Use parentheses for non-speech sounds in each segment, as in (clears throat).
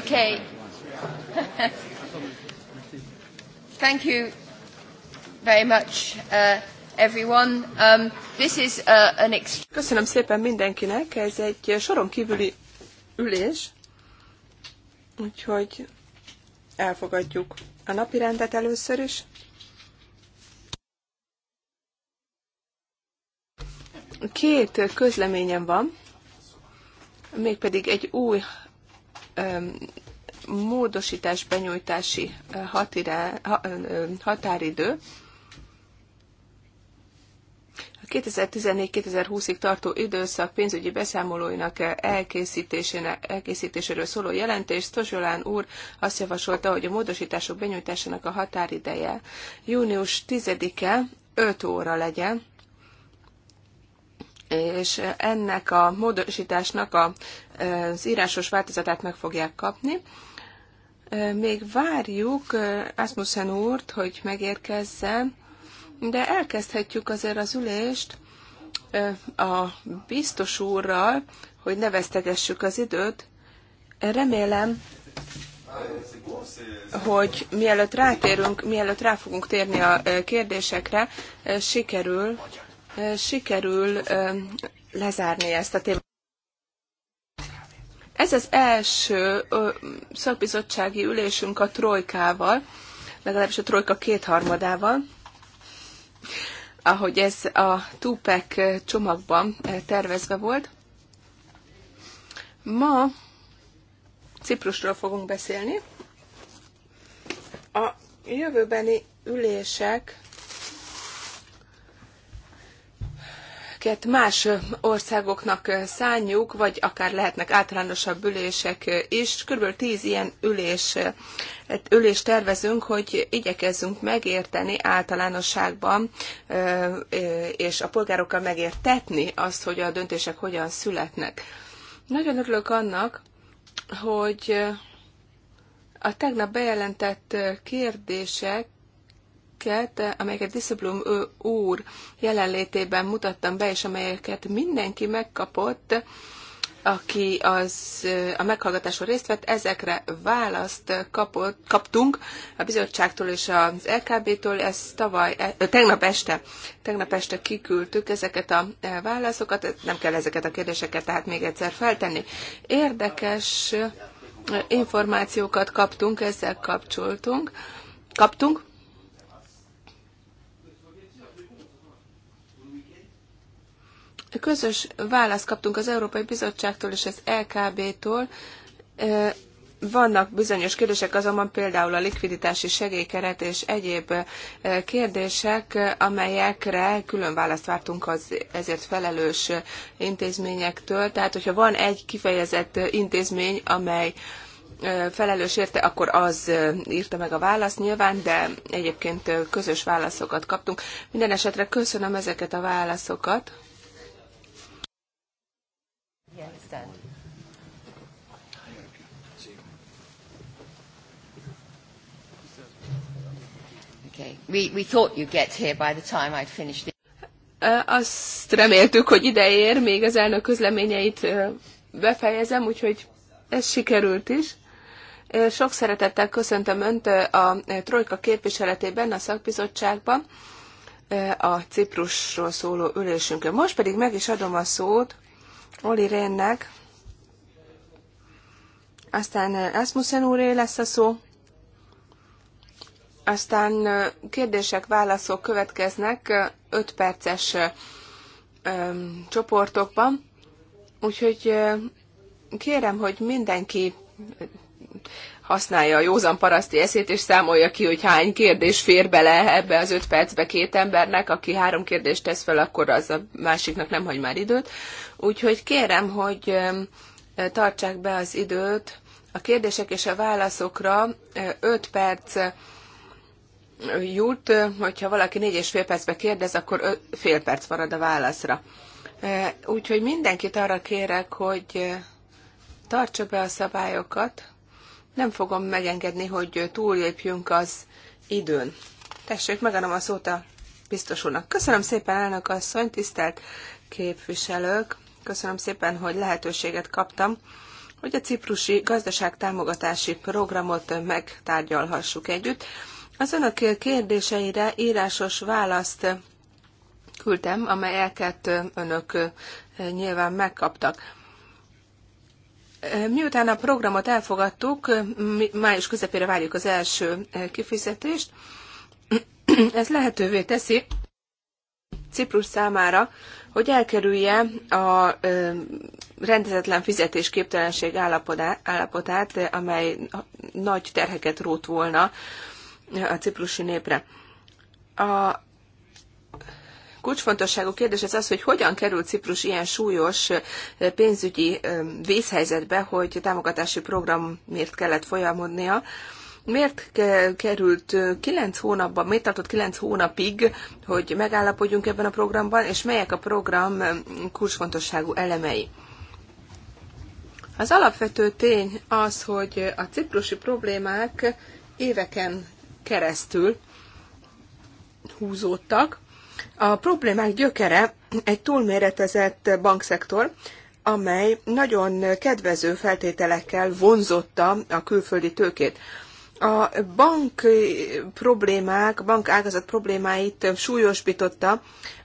Okay. (laughs) Thank you very much, uh, everyone. Um, this is uh, an Köszönöm szépen mindenkinek, ez egy soron kívüli ülés, úgyhogy elfogadjuk a napi rendet először is. Két közleményem van, mégpedig egy új módosítás benyújtási hatirá, határidő. 2014-2020-ig tartó időszak pénzügyi beszámolóinak elkészítésének, elkészítéséről szóló jelentés Tozsolán úr azt javasolta, hogy a módosítások benyújtásának a határideje június 10-e 5 óra legyen, és ennek a módosításnak a, az írásos változatát meg fogják kapni. Még várjuk Asmussen úrt, hogy megérkezzen, de elkezdhetjük azért az ülést a biztos úrral, hogy ne vesztegessük az időt. Remélem, hogy mielőtt rátérünk, mielőtt rá fogunk térni a kérdésekre, sikerül sikerül lezárni ezt a témát. Ez az első szakbizottsági ülésünk a trojkával, legalábbis a trojka kétharmadával, ahogy ez a Tupek csomagban tervezve volt. Ma Ciprusról fogunk beszélni. A jövőbeni ülések amiket más országoknak szánjuk, vagy akár lehetnek általánosabb ülések is. Körülbelül tíz ilyen ülés, hát ülést tervezünk, hogy igyekezzünk megérteni általánosságban, és a polgárokkal megértetni azt, hogy a döntések hogyan születnek. Nagyon örülök annak, hogy a tegnap bejelentett kérdések cikket, amelyeket Disziplum úr jelenlétében mutattam be, és amelyeket mindenki megkapott, aki az, a meghallgatáson részt vett, ezekre választ kapott, kaptunk a bizottságtól és az LKB-től, ezt tavaly, e, tegnap este, tegnap este kiküldtük ezeket a e, válaszokat, nem kell ezeket a kérdéseket tehát még egyszer feltenni. Érdekes információkat kaptunk, ezzel kapcsoltunk, kaptunk, Közös választ kaptunk az Európai Bizottságtól és az LKB-tól. Vannak bizonyos kérdések, azonban például a likviditási segélykeret és egyéb kérdések, amelyekre külön választ vártunk az ezért felelős intézményektől. Tehát, hogyha van egy kifejezett intézmény, amely felelős érte, akkor az írta meg a választ nyilván, de egyébként közös válaszokat kaptunk. Minden esetre köszönöm ezeket a válaszokat. Isten. Okay. We, we thought you'd get here by the time I'd finished it. Azt reméltük, hogy ideér, még az elnök közleményeit befejezem, úgyhogy ez sikerült is. Sok szeretettel köszöntöm Önt a Trojka képviseletében, a szakbizottságban, a Ciprusról szóló ülésünkön. Most pedig meg is adom a szót Oli Rénnek, aztán eh, Asmussen úré lesz a szó, aztán eh, kérdések, válaszok következnek 5 eh, perces csoportokban, úgyhogy kérem, hogy mindenki használja a józan paraszti eszét, és számolja ki, hogy hány kérdés fér bele ebbe az öt percbe két embernek, aki három kérdést tesz fel, akkor az a másiknak nem hagy már időt. Úgyhogy kérem, hogy tartsák be az időt. A kérdések és a válaszokra öt perc jut, hogyha valaki négy és fél percbe kérdez, akkor öt, fél perc marad a válaszra. Úgyhogy mindenkit arra kérek, hogy tartsa be a szabályokat, nem fogom megengedni, hogy túllépjünk az időn. Tessék, megadom a szót a biztos úrnak. Köszönöm szépen, elnök asszony, tisztelt képviselők. Köszönöm szépen, hogy lehetőséget kaptam, hogy a ciprusi gazdaságtámogatási programot megtárgyalhassuk együtt. Az önök kérdéseire írásos választ küldtem, amelyeket önök nyilván megkaptak. Miután a programot elfogadtuk, május közepére várjuk az első eh, kifizetést. (clears throat) Ez lehetővé teszi Ciprus számára, hogy elkerülje a eh, rendezetlen fizetésképtelenség állapotát, eh, amely nagy terheket rót volna a ciprusi népre. A kulcsfontosságú kérdés az az, hogy hogyan került Ciprus ilyen súlyos pénzügyi vészhelyzetbe, hogy támogatási program miért kellett folyamodnia. Miért került 9 hónapban, miért tartott 9 hónapig, hogy megállapodjunk ebben a programban, és melyek a program kulcsfontosságú elemei? Az alapvető tény az, hogy a ciprusi problémák éveken keresztül húzódtak, a problémák gyökere egy túlméretezett bankszektor, amely nagyon kedvező feltételekkel vonzotta a külföldi tőkét. A bank problémák, bank ágazat problémáit súlyosbította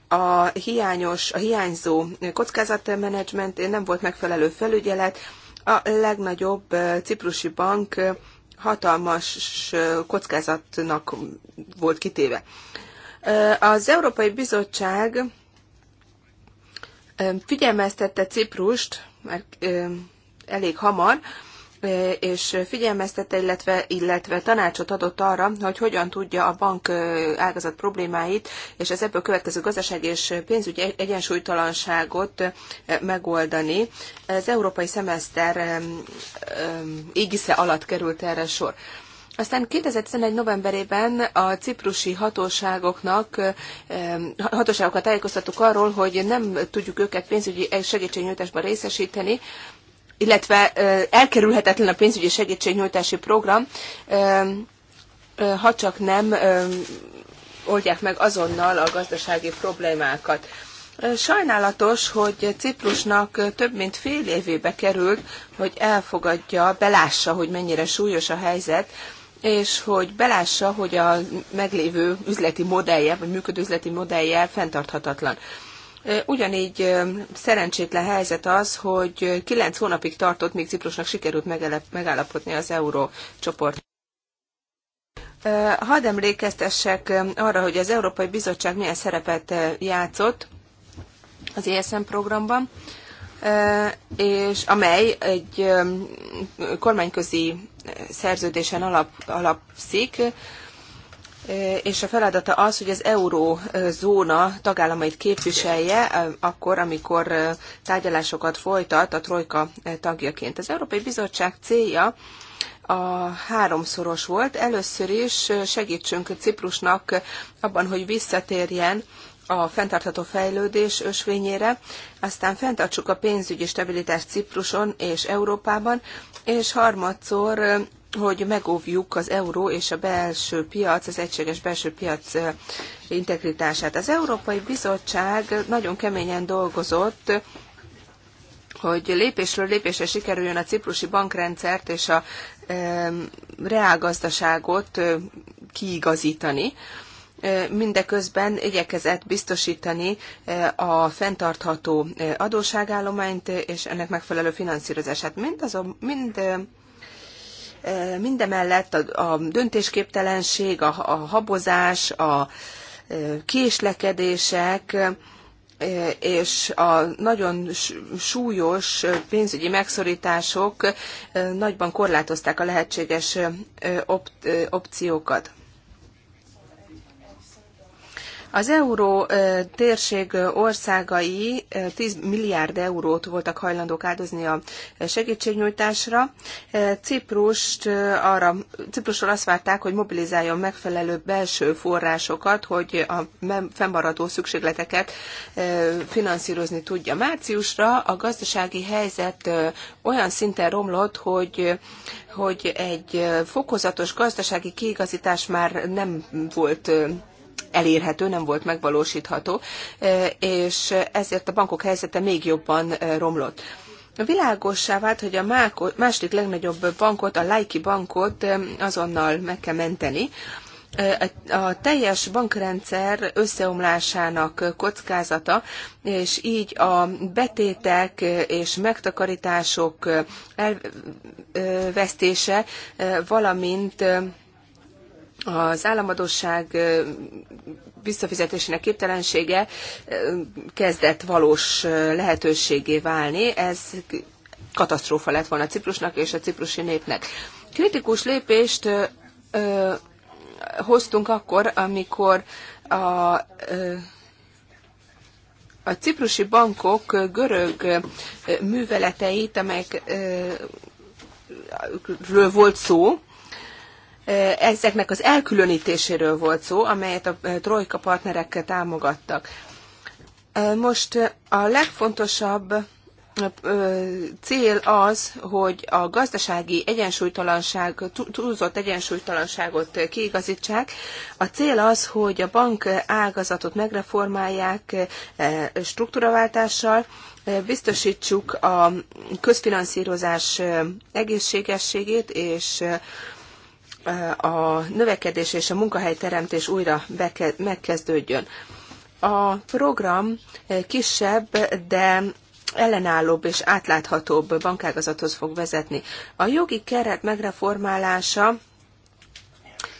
a hiányos, a hiányzó kockázatmenedzsment, nem volt megfelelő felügyelet, a legnagyobb ciprusi bank hatalmas kockázatnak volt kitéve. Az Európai Bizottság figyelmeztette Ciprust, mert elég hamar, és figyelmeztette, illetve, illetve tanácsot adott arra, hogy hogyan tudja a bank ágazat problémáit és az ebből következő gazdaság és pénzügyi egyensúlytalanságot megoldani. Az európai szemeszter égisze alatt került erre sor. Aztán 2011. novemberében a ciprusi hatóságoknak, eh, hatóságokat tájékoztattuk arról, hogy nem tudjuk őket pénzügyi segítségnyújtásban részesíteni, illetve eh, elkerülhetetlen a pénzügyi segítségnyújtási program, eh, ha csak nem oldják meg azonnal a gazdasági problémákat. Sajnálatos, hogy Ciprusnak több mint fél évébe került, hogy elfogadja, belássa, hogy mennyire súlyos a helyzet, és hogy belássa, hogy a meglévő üzleti modellje, vagy működő üzleti modellje fenntarthatatlan. Ugyanígy szerencsétlen helyzet az, hogy kilenc hónapig tartott, míg Ciprusnak sikerült megállapodni az csoport. Hadd emlékeztessek arra, hogy az Európai Bizottság milyen szerepet játszott az ESM programban és amely egy kormányközi szerződésen alap, alapszik, és a feladata az, hogy az eurózóna tagállamait képviselje akkor, amikor tárgyalásokat folytat a trojka tagjaként. Az Európai Bizottság célja a háromszoros volt. Először is segítsünk Ciprusnak abban, hogy visszatérjen a fenntartható fejlődés ösvényére, aztán fenntartsuk a pénzügyi stabilitást Cipruson és Európában, és harmadszor, hogy megóvjuk az euró és a belső piac, az egységes belső piac integritását. Az Európai Bizottság nagyon keményen dolgozott, hogy lépésről lépésre sikerüljön a ciprusi bankrendszert és a reálgazdaságot kiigazítani mindeközben igyekezett biztosítani a fenntartható adósságállományt és ennek megfelelő finanszírozását. Mind, azon, mind mindemellett a, a döntésképtelenség, a, a habozás, a késlekedések, és a nagyon súlyos pénzügyi megszorítások nagyban korlátozták a lehetséges opciókat. Az euró térség országai 10 milliárd eurót voltak hajlandók áldozni a segítségnyújtásra. Ciprust arra, Ciprusról azt várták, hogy mobilizáljon megfelelő belső forrásokat, hogy a fennmaradó szükségleteket finanszírozni tudja. Márciusra a gazdasági helyzet olyan szinten romlott, hogy hogy egy fokozatos gazdasági kiigazítás már nem volt elérhető, nem volt megvalósítható, e, és ezért a bankok helyzete még jobban e, romlott. Világossá vált, hogy a második legnagyobb bankot, a Laiki bankot e, azonnal meg kell menteni. A teljes bankrendszer összeomlásának kockázata, és így a betétek és megtakarítások elvesztése, valamint az államadóság visszafizetésének képtelensége kezdett valós lehetőségé válni. Ez katasztrófa lett volna Ciprusnak és a ciprusi népnek. Kritikus lépést ö, hoztunk akkor, amikor a, ö, a ciprusi bankok görög műveleteit, amelyekről volt szó, ezeknek az elkülönítéséről volt szó, amelyet a eh, trojka partnerekkel támogattak. Eh, most eh, a legfontosabb cél az, hogy a gazdasági egyensúlytalanság, túlzott egyensúlytalanságot kiigazítsák. A cél az, hogy a bank ágazatot megreformálják struktúraváltással, biztosítsuk a közfinanszírozás egészségességét és a növekedés és a munkahelyteremtés újra megkezdődjön. A program kisebb, de ellenállóbb és átláthatóbb bankágazathoz fog vezetni. A jogi keret megreformálása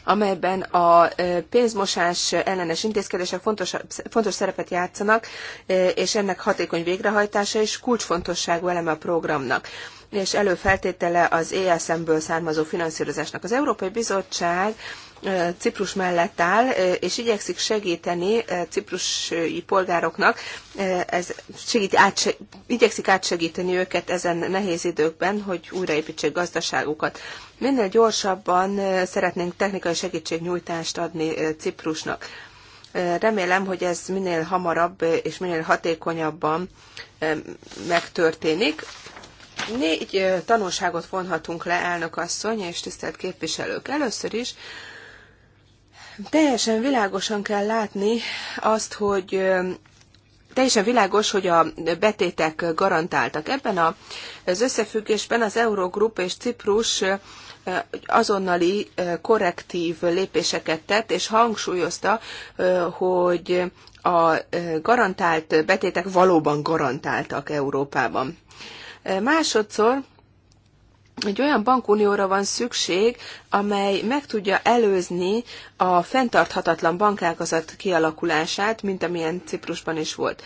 amelyben a pénzmosás ellenes intézkedések fontos, fontos szerepet játszanak, és ennek hatékony végrehajtása is kulcsfontosságú eleme a programnak és előfeltétele az ESM-ből származó finanszírozásnak. Az Európai Bizottság Ciprus mellett áll, és igyekszik segíteni ciprusi polgároknak, ez segít, átse, igyekszik átsegíteni őket ezen nehéz időkben, hogy újraépítsék gazdaságukat. Minél gyorsabban szeretnénk technikai segítségnyújtást adni Ciprusnak. Remélem, hogy ez minél hamarabb és minél hatékonyabban megtörténik. Négy tanulságot vonhatunk le, elnök asszony és tisztelt képviselők. Először is teljesen világosan kell látni azt, hogy teljesen világos, hogy a betétek garantáltak. Ebben az összefüggésben az Eurogrup és Ciprus azonnali korrektív lépéseket tett, és hangsúlyozta, hogy a garantált betétek valóban garantáltak Európában. Másodszor egy olyan bankunióra van szükség, amely meg tudja előzni a fenntarthatatlan bankágazat kialakulását, mint amilyen Ciprusban is volt.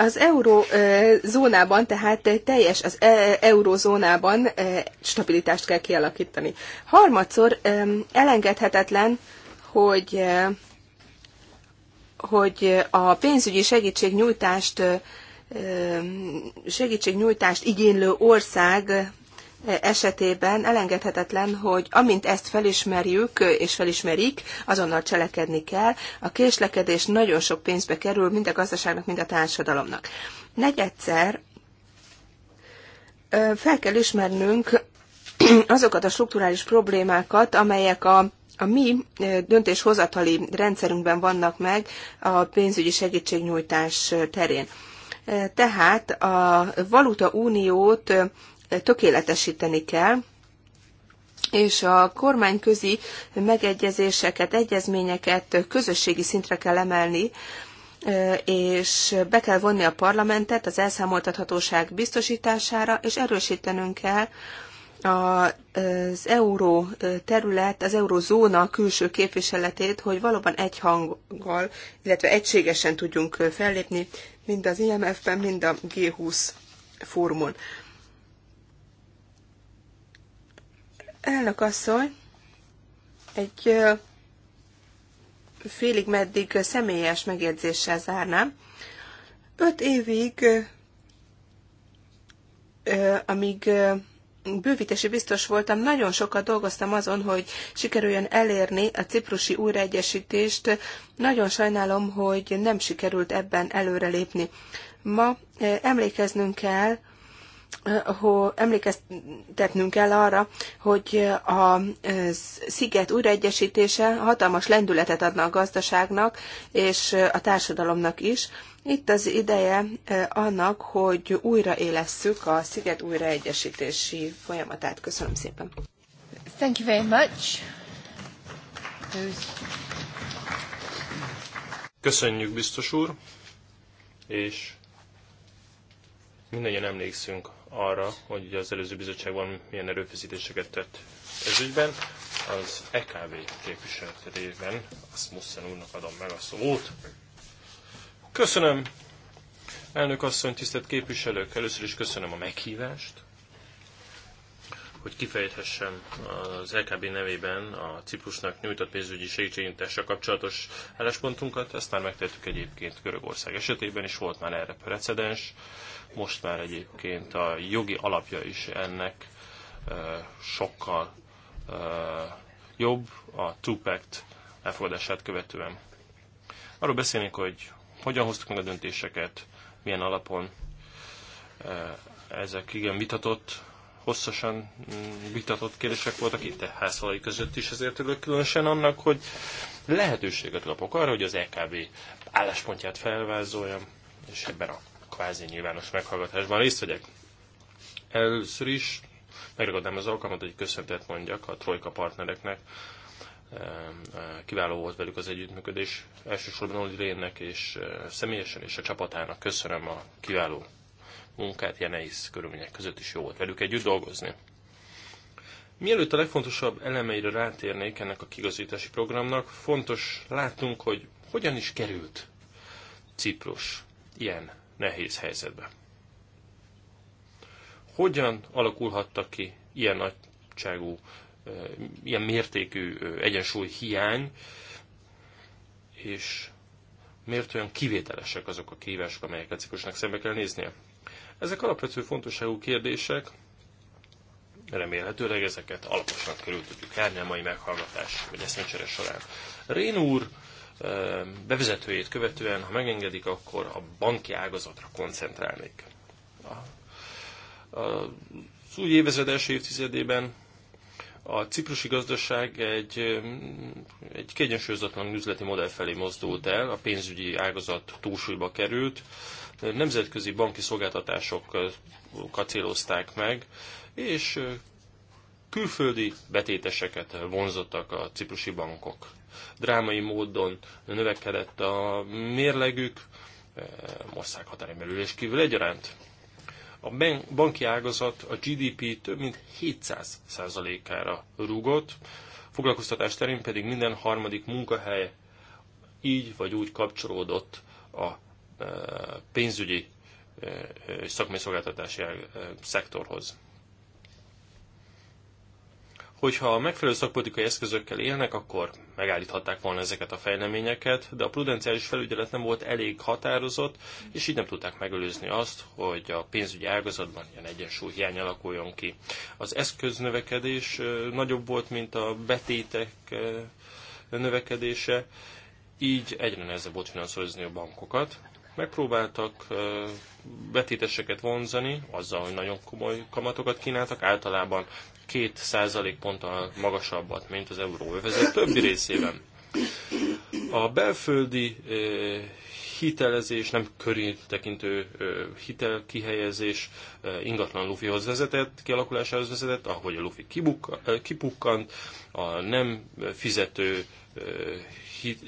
Az eurózónában, tehát teljes az eurózónában stabilitást kell kialakítani. Harmadszor elengedhetetlen, hogy hogy a pénzügyi segítségnyújtást segítségnyújtást igénylő ország esetében elengedhetetlen, hogy amint ezt felismerjük és felismerik, azonnal cselekedni kell. A késlekedés nagyon sok pénzbe kerül mind a gazdaságnak, mind a társadalomnak. Negyedszer fel kell ismernünk azokat a strukturális problémákat, amelyek a a mi döntéshozatali rendszerünkben vannak meg a pénzügyi segítségnyújtás terén. Tehát a valuta uniót tökéletesíteni kell, és a kormányközi megegyezéseket, egyezményeket közösségi szintre kell emelni, és be kell vonni a parlamentet az elszámoltathatóság biztosítására, és erősítenünk kell az euró terület, az eurózóna külső képviseletét, hogy valóban egy hanggal, illetve egységesen tudjunk fellépni, mind az IMF-ben, mind a G20 fórumon. Elnök asszony, egy félig meddig személyes megjegyzéssel zárnám. Öt évig, amíg bővítési biztos voltam, nagyon sokat dolgoztam azon, hogy sikerüljön elérni a ciprusi újraegyesítést. Nagyon sajnálom, hogy nem sikerült ebben előrelépni. Ma emlékeznünk kell hogy emlékeztetnünk kell arra, hogy a sziget újraegyesítése hatalmas lendületet adna a gazdaságnak és a társadalomnak is. Itt az ideje e, annak, hogy újraélesszük a sziget újraegyesítési folyamatát. Köszönöm szépen. Thank you very much. Köszönjük, biztos úr, és mindannyian emlékszünk arra, hogy az előző bizottságban milyen erőfeszítéseket tett ez ügyben. Az EKV képviseletében Asmussen úrnak adom meg a szót. Köszönöm, elnök asszony, tisztelt képviselők! Először is köszönöm a meghívást, hogy kifejthessem az LKB e nevében a Ciprusnak nyújtott pénzügyi segítségnyújtásra kapcsolatos álláspontunkat. Ezt már megtettük egyébként Görögország esetében, és volt már erre precedens. Most már egyébként a jogi alapja is ennek sokkal jobb a Tupact elfogadását követően. Arról beszélnék, hogy hogyan hoztuk meg a döntéseket, milyen alapon ezek igen vitatott, hosszasan mm, vitatott kérdések voltak itt a házfalai között is, ezért örülök különösen annak, hogy lehetőséget kapok arra, hogy az EKB álláspontját felvázoljam, és ebben a kvázi nyilvános meghallgatásban részt vegyek. Először is megragadnám az alkalmat, hogy köszöntet mondjak a Trojka partnereknek. Kiváló volt velük az együttműködés. Elsősorban Oli Rénnek és e, személyesen és a csapatának köszönöm a kiváló munkát, ilyen nehéz körülmények között is jó volt velük együtt dolgozni. Mielőtt a legfontosabb elemeire rátérnék ennek a kigazítási programnak, fontos látnunk, hogy hogyan is került Ciprus ilyen nehéz helyzetbe. Hogyan alakulhattak ki ilyen nagyságú, ilyen mértékű egyensúly hiány, és miért olyan kivételesek azok a kihívások, amelyek a ciklusnak szembe kell néznie? Ezek alapvető fontosságú kérdések, remélhetőleg ezeket alaposan körül tudjuk járni a mai meghallgatás, vagy eszmecsere során. Rén úr bevezetőjét követően, ha megengedik, akkor a banki ágazatra koncentrálnék. Az új évezred első évtizedében a ciprusi gazdaság egy, egy kiegyensúlyozatlan üzleti modell felé mozdult el, a pénzügyi ágazat túlsúlyba került, nemzetközi banki szolgáltatásokat célozták meg, és külföldi betéteseket vonzottak a ciprusi bankok drámai módon növekedett a mérlegük, eh, ország és kívül egyaránt. A banki ágazat a GDP több mint 700%-ára rúgott, foglalkoztatás terén pedig minden harmadik munkahely így vagy úgy kapcsolódott a eh, pénzügyi eh, és szakmai szolgáltatási szektorhoz. Hogyha a megfelelő szakpolitikai eszközökkel élnek, akkor megállíthatták volna ezeket a fejleményeket, de a prudenciális felügyelet nem volt elég határozott, és így nem tudták megelőzni azt, hogy a pénzügyi ágazatban ilyen hiány alakuljon ki. Az eszköznövekedés nagyobb volt, mint a betétek növekedése, így egyre nehezebb volt finanszírozni a bankokat. Megpróbáltak betéteseket vonzani, azzal, hogy nagyon komoly kamatokat kínáltak, általában két százalék ponttal magasabbat, mint az euróövezet többi részében. A belföldi hitelezés, nem körültekintő hitelkihelyezés ingatlan lufihoz vezetett, kialakulásához vezetett, ahogy a lufi kipukkant, a nem fizető hit,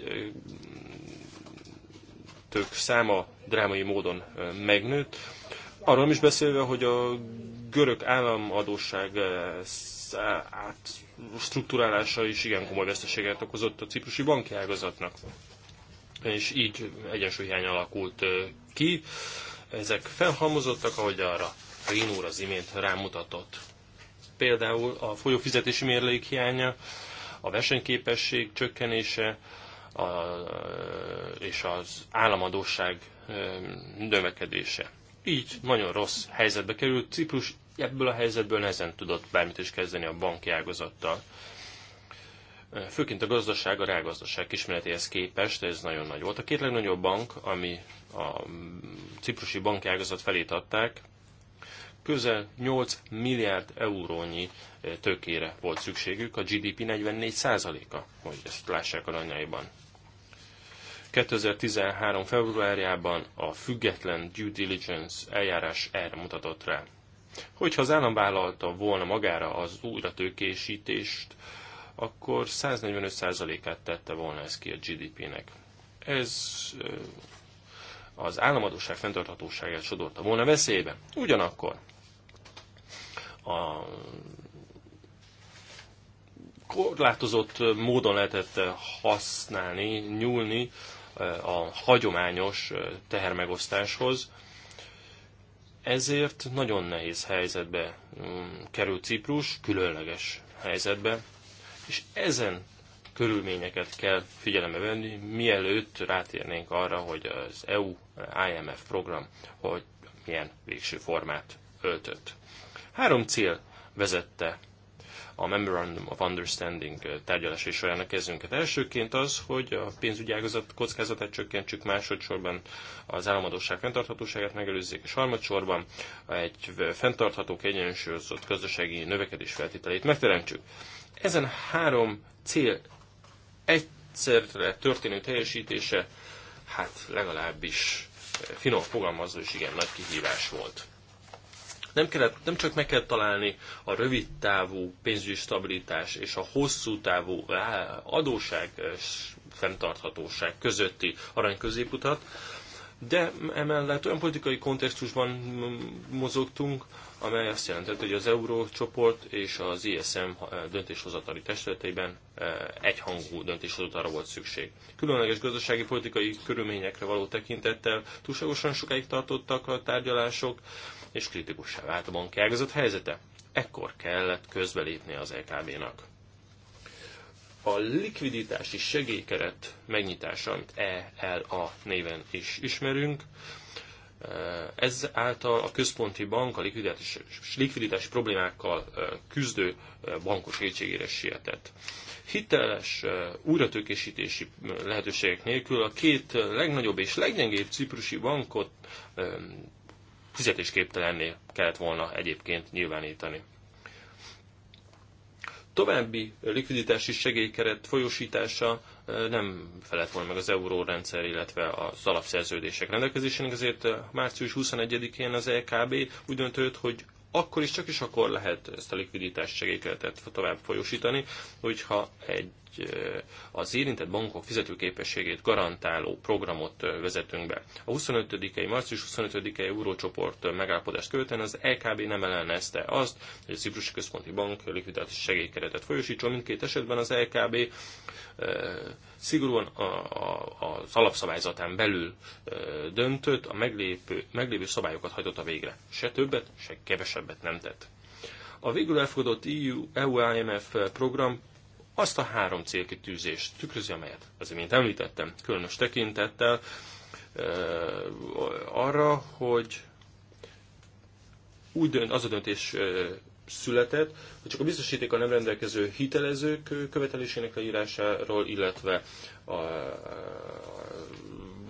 megmentők száma drámai módon megnőtt. Arról is beszélve, hogy a görög államadóság átstruktúrálása is igen komoly veszteséget okozott a ciprusi banki ágazatnak. És így egyensúlyhiány alakult ki. Ezek felhalmozottak, ahogy arra Rin úr az imént rámutatott. Például a folyófizetési mérlék hiánya, a versenyképesség csökkenése, a, és az államadóság növekedése. Így nagyon rossz helyzetbe került Ciprus, ebből a helyzetből nehezen tudott bármit is kezdeni a banki ágazattal. Főként a gazdaság, a reálgazdaság kismeretéhez képest ez nagyon nagy volt. A két legnagyobb bank, ami a mm, ciprusi banki ágazat felét adták, közel 8 milliárd eurónyi eh, tökére volt szükségük, a GDP 44%-a, hogy ezt lássák aranyaiban. 2013. februárjában a független due diligence eljárás erre mutatott rá. Hogyha az állam vállalta volna magára az tőkésítést, akkor 145%-át tette volna ez ki a GDP-nek. Ez eh, az államadóság fenntarthatóságát sodorta volna veszélybe. Ugyanakkor a korlátozott módon lehetett használni, nyúlni a hagyományos tehermegosztáshoz. Ezért nagyon nehéz helyzetbe mm, kerül Ciprus, különleges helyzetbe, és ezen körülményeket kell figyelembe venni, mielőtt rátérnénk arra, hogy az EU-IMF program, hogy milyen végső formát öltött. Három cél vezette a Memorandum of Understanding eh, tárgyalási során a kezünket. Elsőként az, hogy a pénzügyi ágazat kockázatát csökkentsük, másodszorban az államadóság fenntarthatóságát megelőzzék, és harmadsorban egy fenntartható, egyensúlyozott gazdasági növekedés feltételeit megteremtsük. Ezen három cél egyszerre történő teljesítése, hát legalábbis eh, finom fogalmazva is igen nagy kihívás volt. Nem, kellett, nem csak meg kell találni a rövid távú pénzügyi stabilitás és a hosszú távú adóság fenntarthatóság közötti arany középutat, de emellett olyan politikai kontextusban mozogtunk, amely azt jelentett, hogy az eurócsoport és az ISM döntéshozatali testületeiben e, egyhangú döntéshozatalra volt szükség. Különleges gazdasági politikai körülményekre való tekintettel túlságosan sokáig tartottak a tárgyalások, és kritikussá vált a bank ágazat helyzete. Ekkor kellett közbelépni az LKB-nak. E a likviditási segélykeret megnyitása, amit ELA néven is ismerünk, eh, ezáltal a központi bank a likviditási problémákkal eh, küzdő eh, bankos segítségére sietett. Hiteles újratőkésítési lehetőségek nélkül a két legnagyobb és leggyengébb ciprusi bankot fizetésképtelenné kellett volna egyébként nyilvánítani. További likviditási segélykeret folyósítása nem felett volna meg az eurórendszer, illetve az alapszerződések rendelkezésének, ezért március 21-én az EKB úgy döntött, hogy akkor is csak is akkor lehet ezt a likviditás segélykeretet tovább folyósítani, hogyha egy Eh, az érintett bankok fizetőképességét garantáló programot eh, vezetünk be. A 25-i, március 25-i eurócsoport eh, megállapodást követően az LKB e nem ellenezte azt, hogy a Ciprusi Központi Bank likvidációs segélykeretet folyosítson. Mindkét esetben az LKB e szigorúan a, az alapszabályzatán belül döntött, a meglépő, meglévő szabályokat hajtotta végre. Se többet, se kevesebbet nem tett. A végül elfogadott EU-IMF e program azt a három célkitűzést tükrözi, amelyet az imént említettem, különös tekintettel arra, hogy úgy dönt, az a döntés született, hogy csak a biztosítéka nem rendelkező hitelezők követelésének leírásáról, illetve a, a,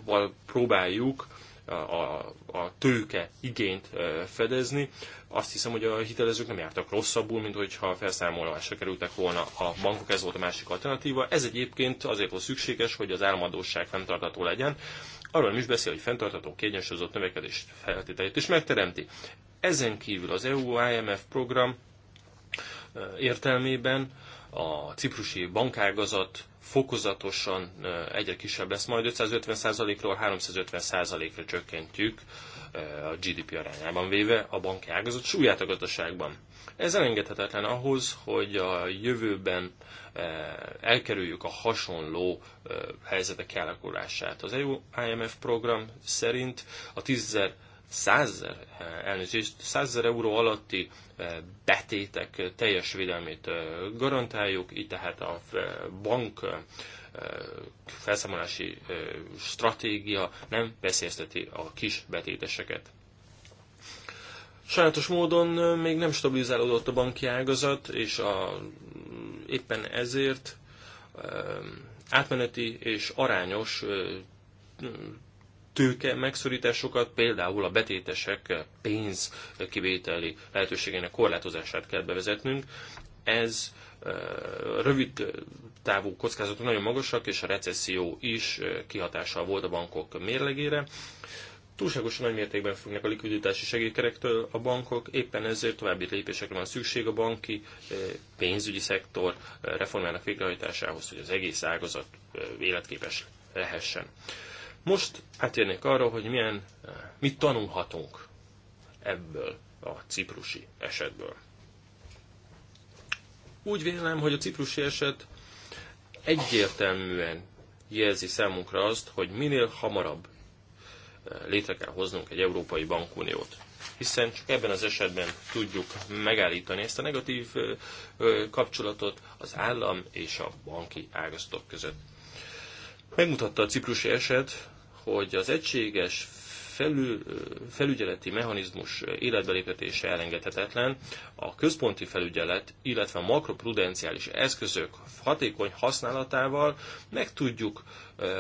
a, próbáljuk a, a tőke igényt fedezni. Azt hiszem, hogy a hitelezők nem jártak rosszabbul, mint hogyha felszámolásra kerültek volna a bankok, ez volt a másik alternatíva. Ez egyébként azért volt szükséges, hogy az államadóság fenntartató legyen. Arról is beszél, hogy fenntartató, kiegyensúlyozott növekedés feltételét is megteremti. Ezen kívül az EU-IMF program értelmében a ciprusi bankágazat fokozatosan egyre kisebb lesz, majd 550%-ról 350%-ra csökkentjük a GDP arányában véve a banki ágazat súlyát a gazdaságban. Ez elengedhetetlen ahhoz, hogy a jövőben elkerüljük a hasonló helyzetek kialakulását. Az EU IMF program szerint a 10 százezer, eh, elnézést, százezer euró alatti eh, betétek eh, teljes védelmét garantáljuk, így tehát a bank felszámolási stratégia nem veszélyezteti a kis betéteseket. sajnos módon még nem stabilizálódott a banki ágazat, és a, éppen ezért átmeneti és arányos tőke megszorításokat, például a betétesek pénz kivételi lehetőségének korlátozását kell bevezetnünk. Ez rövid távú kockázatok nagyon magasak, és a recesszió is kihatással volt a bankok mérlegére. Túlságosan nagy mértékben függnek a likviditási segélykerektől a bankok, éppen ezért további lépésekre van szükség a banki pénzügyi szektor reformjának végrehajtásához, hogy az egész ágazat életképes lehessen. Most átérnék arra, hogy milyen, eh, mit tanulhatunk ebből a ciprusi esetből. Úgy vélem, hogy a ciprusi eset egyértelműen jelzi számunkra azt, hogy minél hamarabb eh, létre kell hoznunk egy Európai Bankuniót. Hiszen csak ebben az esetben tudjuk megállítani ezt a negatív eh, kapcsolatot az állam és a banki ágazatok között. Megmutatta a ciprusi eset, hogy az egységes felül, felügyeleti mechanizmus életbelépetése elengedhetetlen, a központi felügyelet, illetve a makroprudenciális eszközök hatékony használatával meg tudjuk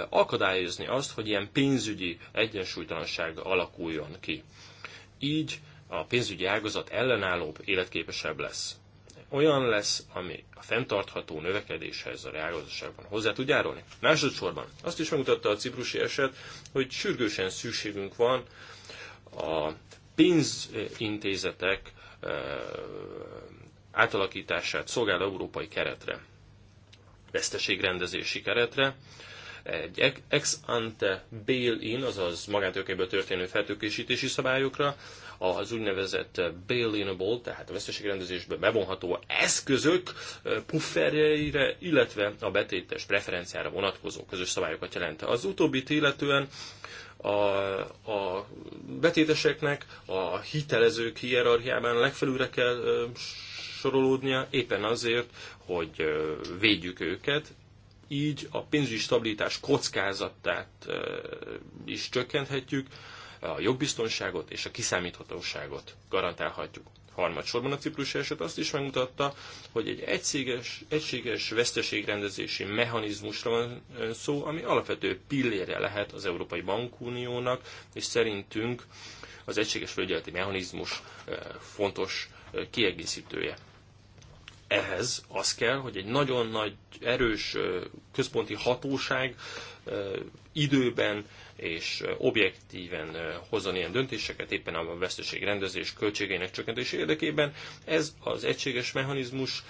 akadályozni azt, hogy ilyen pénzügyi egyensúlytalanság alakuljon ki. Így a pénzügyi ágazat ellenállóbb, életképesebb lesz olyan lesz, ami a fenntartható növekedéshez a reálgazdaságban hozzá tud járulni. Másodszorban azt is megmutatta a ciprusi eset, hogy sürgősen szükségünk van a pénzintézetek átalakítását szolgál európai keretre, veszteségrendezési keretre, egy ex ante bail-in, azaz magántőkéből történő feltőkésítési szabályokra, az úgynevezett bail tehát a veszteségrendezésbe bevonható eszközök pufferjeire, illetve a betétes preferenciára vonatkozó közös szabályokat jelent. Az utóbbit illetően a, a betéteseknek a hitelezők hierarchiában legfelülre kell sorolódnia, éppen azért, hogy védjük őket, így a pénzügyi stabilitás kockázatát is csökkenthetjük, a jogbiztonságot és a kiszámíthatóságot garantálhatjuk. Harmadsorban a ciprusi eset azt is megmutatta, hogy egy egységes, egységes veszteségrendezési mechanizmusra van szó, ami alapvető pillére lehet az Európai Bankuniónak, és szerintünk az egységes felügyeleti mechanizmus fontos kiegészítője. Ehhez az kell, hogy egy nagyon nagy, erős központi hatóság időben és objektíven hozzon ilyen döntéseket éppen a veszteség rendezés költségeinek csökkentés érdekében. Ez az egységes mechanizmus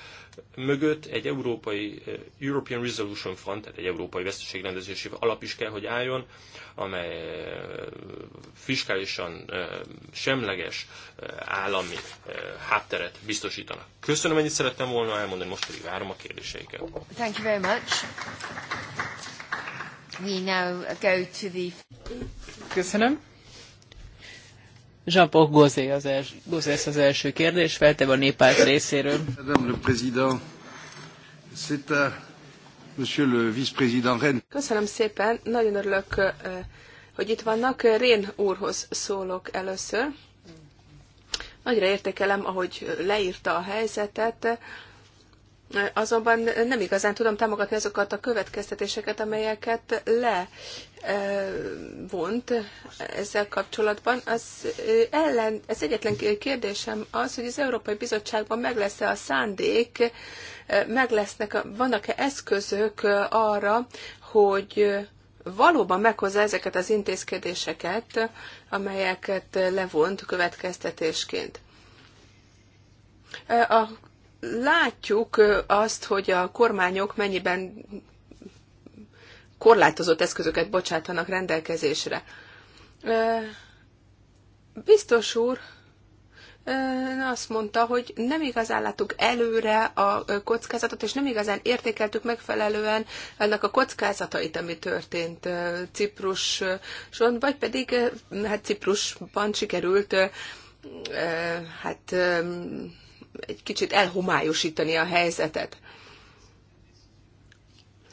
mögött egy európai European Resolution Fund, tehát egy európai veszteségrendezési alap is kell, hogy álljon, amely fiskálisan semleges állami hátteret biztosítanak. Köszönöm, ennyit szerettem volna elmondani, most pedig várom a kérdéseiket. Thank you very much we now go to the... Köszönöm. Jean-Paul Gauzès az, els, Gauzès az első kérdés, feltéve a néppárt részéről. Madame le Président, c'est à Monsieur le Vice-président Ren. Köszönöm szépen, nagyon örülök, hogy itt vannak. Rén úrhoz szólok először. Nagyra értékelem, ahogy leírta a helyzetet azonban nem igazán tudom támogatni azokat a következtetéseket, amelyeket levont e, ezzel kapcsolatban. Az, e, ellen, az egyetlen kérdésem az, hogy az Európai Bizottságban meg lesz-e a szándék, e, meg lesznek, vannak-e eszközök arra, hogy valóban meghozza ezeket az intézkedéseket, amelyeket levont következtetésként. A látjuk azt, hogy a kormányok mennyiben korlátozott eszközöket bocsátanak rendelkezésre. Biztos úr azt mondta, hogy nem igazán láttuk előre a kockázatot, és nem igazán értékeltük megfelelően ennek a kockázatait, ami történt Cipruson, vagy pedig hát Ciprusban sikerült hát egy kicsit elhomályosítani a helyzetet.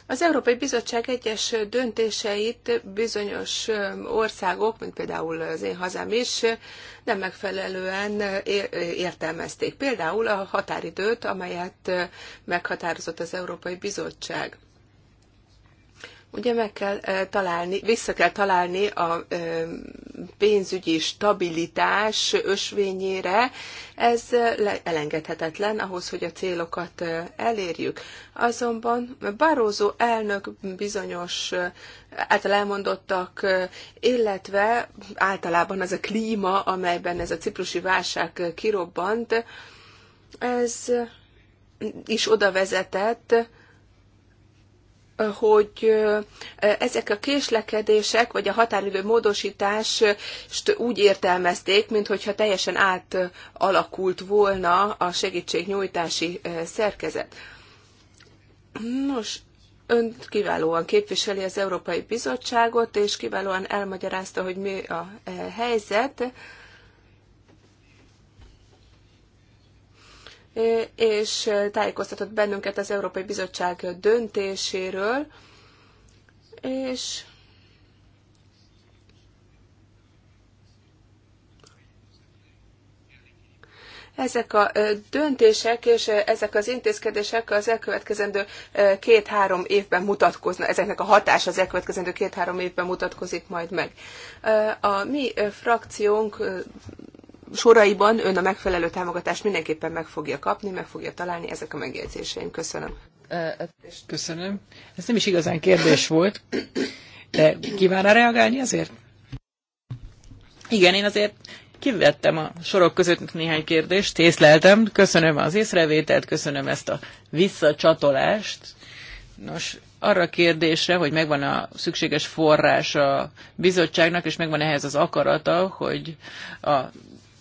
Az Európai Bizottság egyes döntéseit bizonyos országok, mint például az én hazám is, nem megfelelően értelmezték. Például a határidőt, amelyet meghatározott az Európai Bizottság. Ugye meg kell eh, találni, vissza kell találni a eh, pénzügyi stabilitás ösvényére, ez eh, elengedhetetlen ahhoz, hogy a célokat elérjük. Azonban Barózó elnök bizonyos által elmondottak, illetve általában az a klíma, amelyben ez a ciprusi válság kirobbant, ez is oda vezetett, hogy ezek a késlekedések, vagy a határidő módosítást úgy értelmezték, mintha teljesen átalakult volna a segítségnyújtási szerkezet. Nos, ön kiválóan képviseli az Európai Bizottságot, és kiválóan elmagyarázta, hogy mi a helyzet. és tájékoztatott bennünket az Európai Bizottság döntéséről, és Ezek a döntések és ezek az intézkedések az elkövetkezendő két-három évben mutatkoznak, ezeknek a hatása az elkövetkezendő két-három évben mutatkozik majd meg. A mi frakciónk soraiban ön a megfelelő támogatást mindenképpen meg fogja kapni, meg fogja találni ezek a megjegyzéseim. Köszönöm. Köszönöm. Ez nem is igazán kérdés volt, de kíván reagálni azért? Igen, én azért kivettem a sorok között néhány kérdést, észleltem, köszönöm az észrevételt, köszönöm ezt a visszacsatolást. Nos, arra a kérdésre, hogy megvan a szükséges forrás a bizottságnak, és megvan ehhez az akarata, hogy a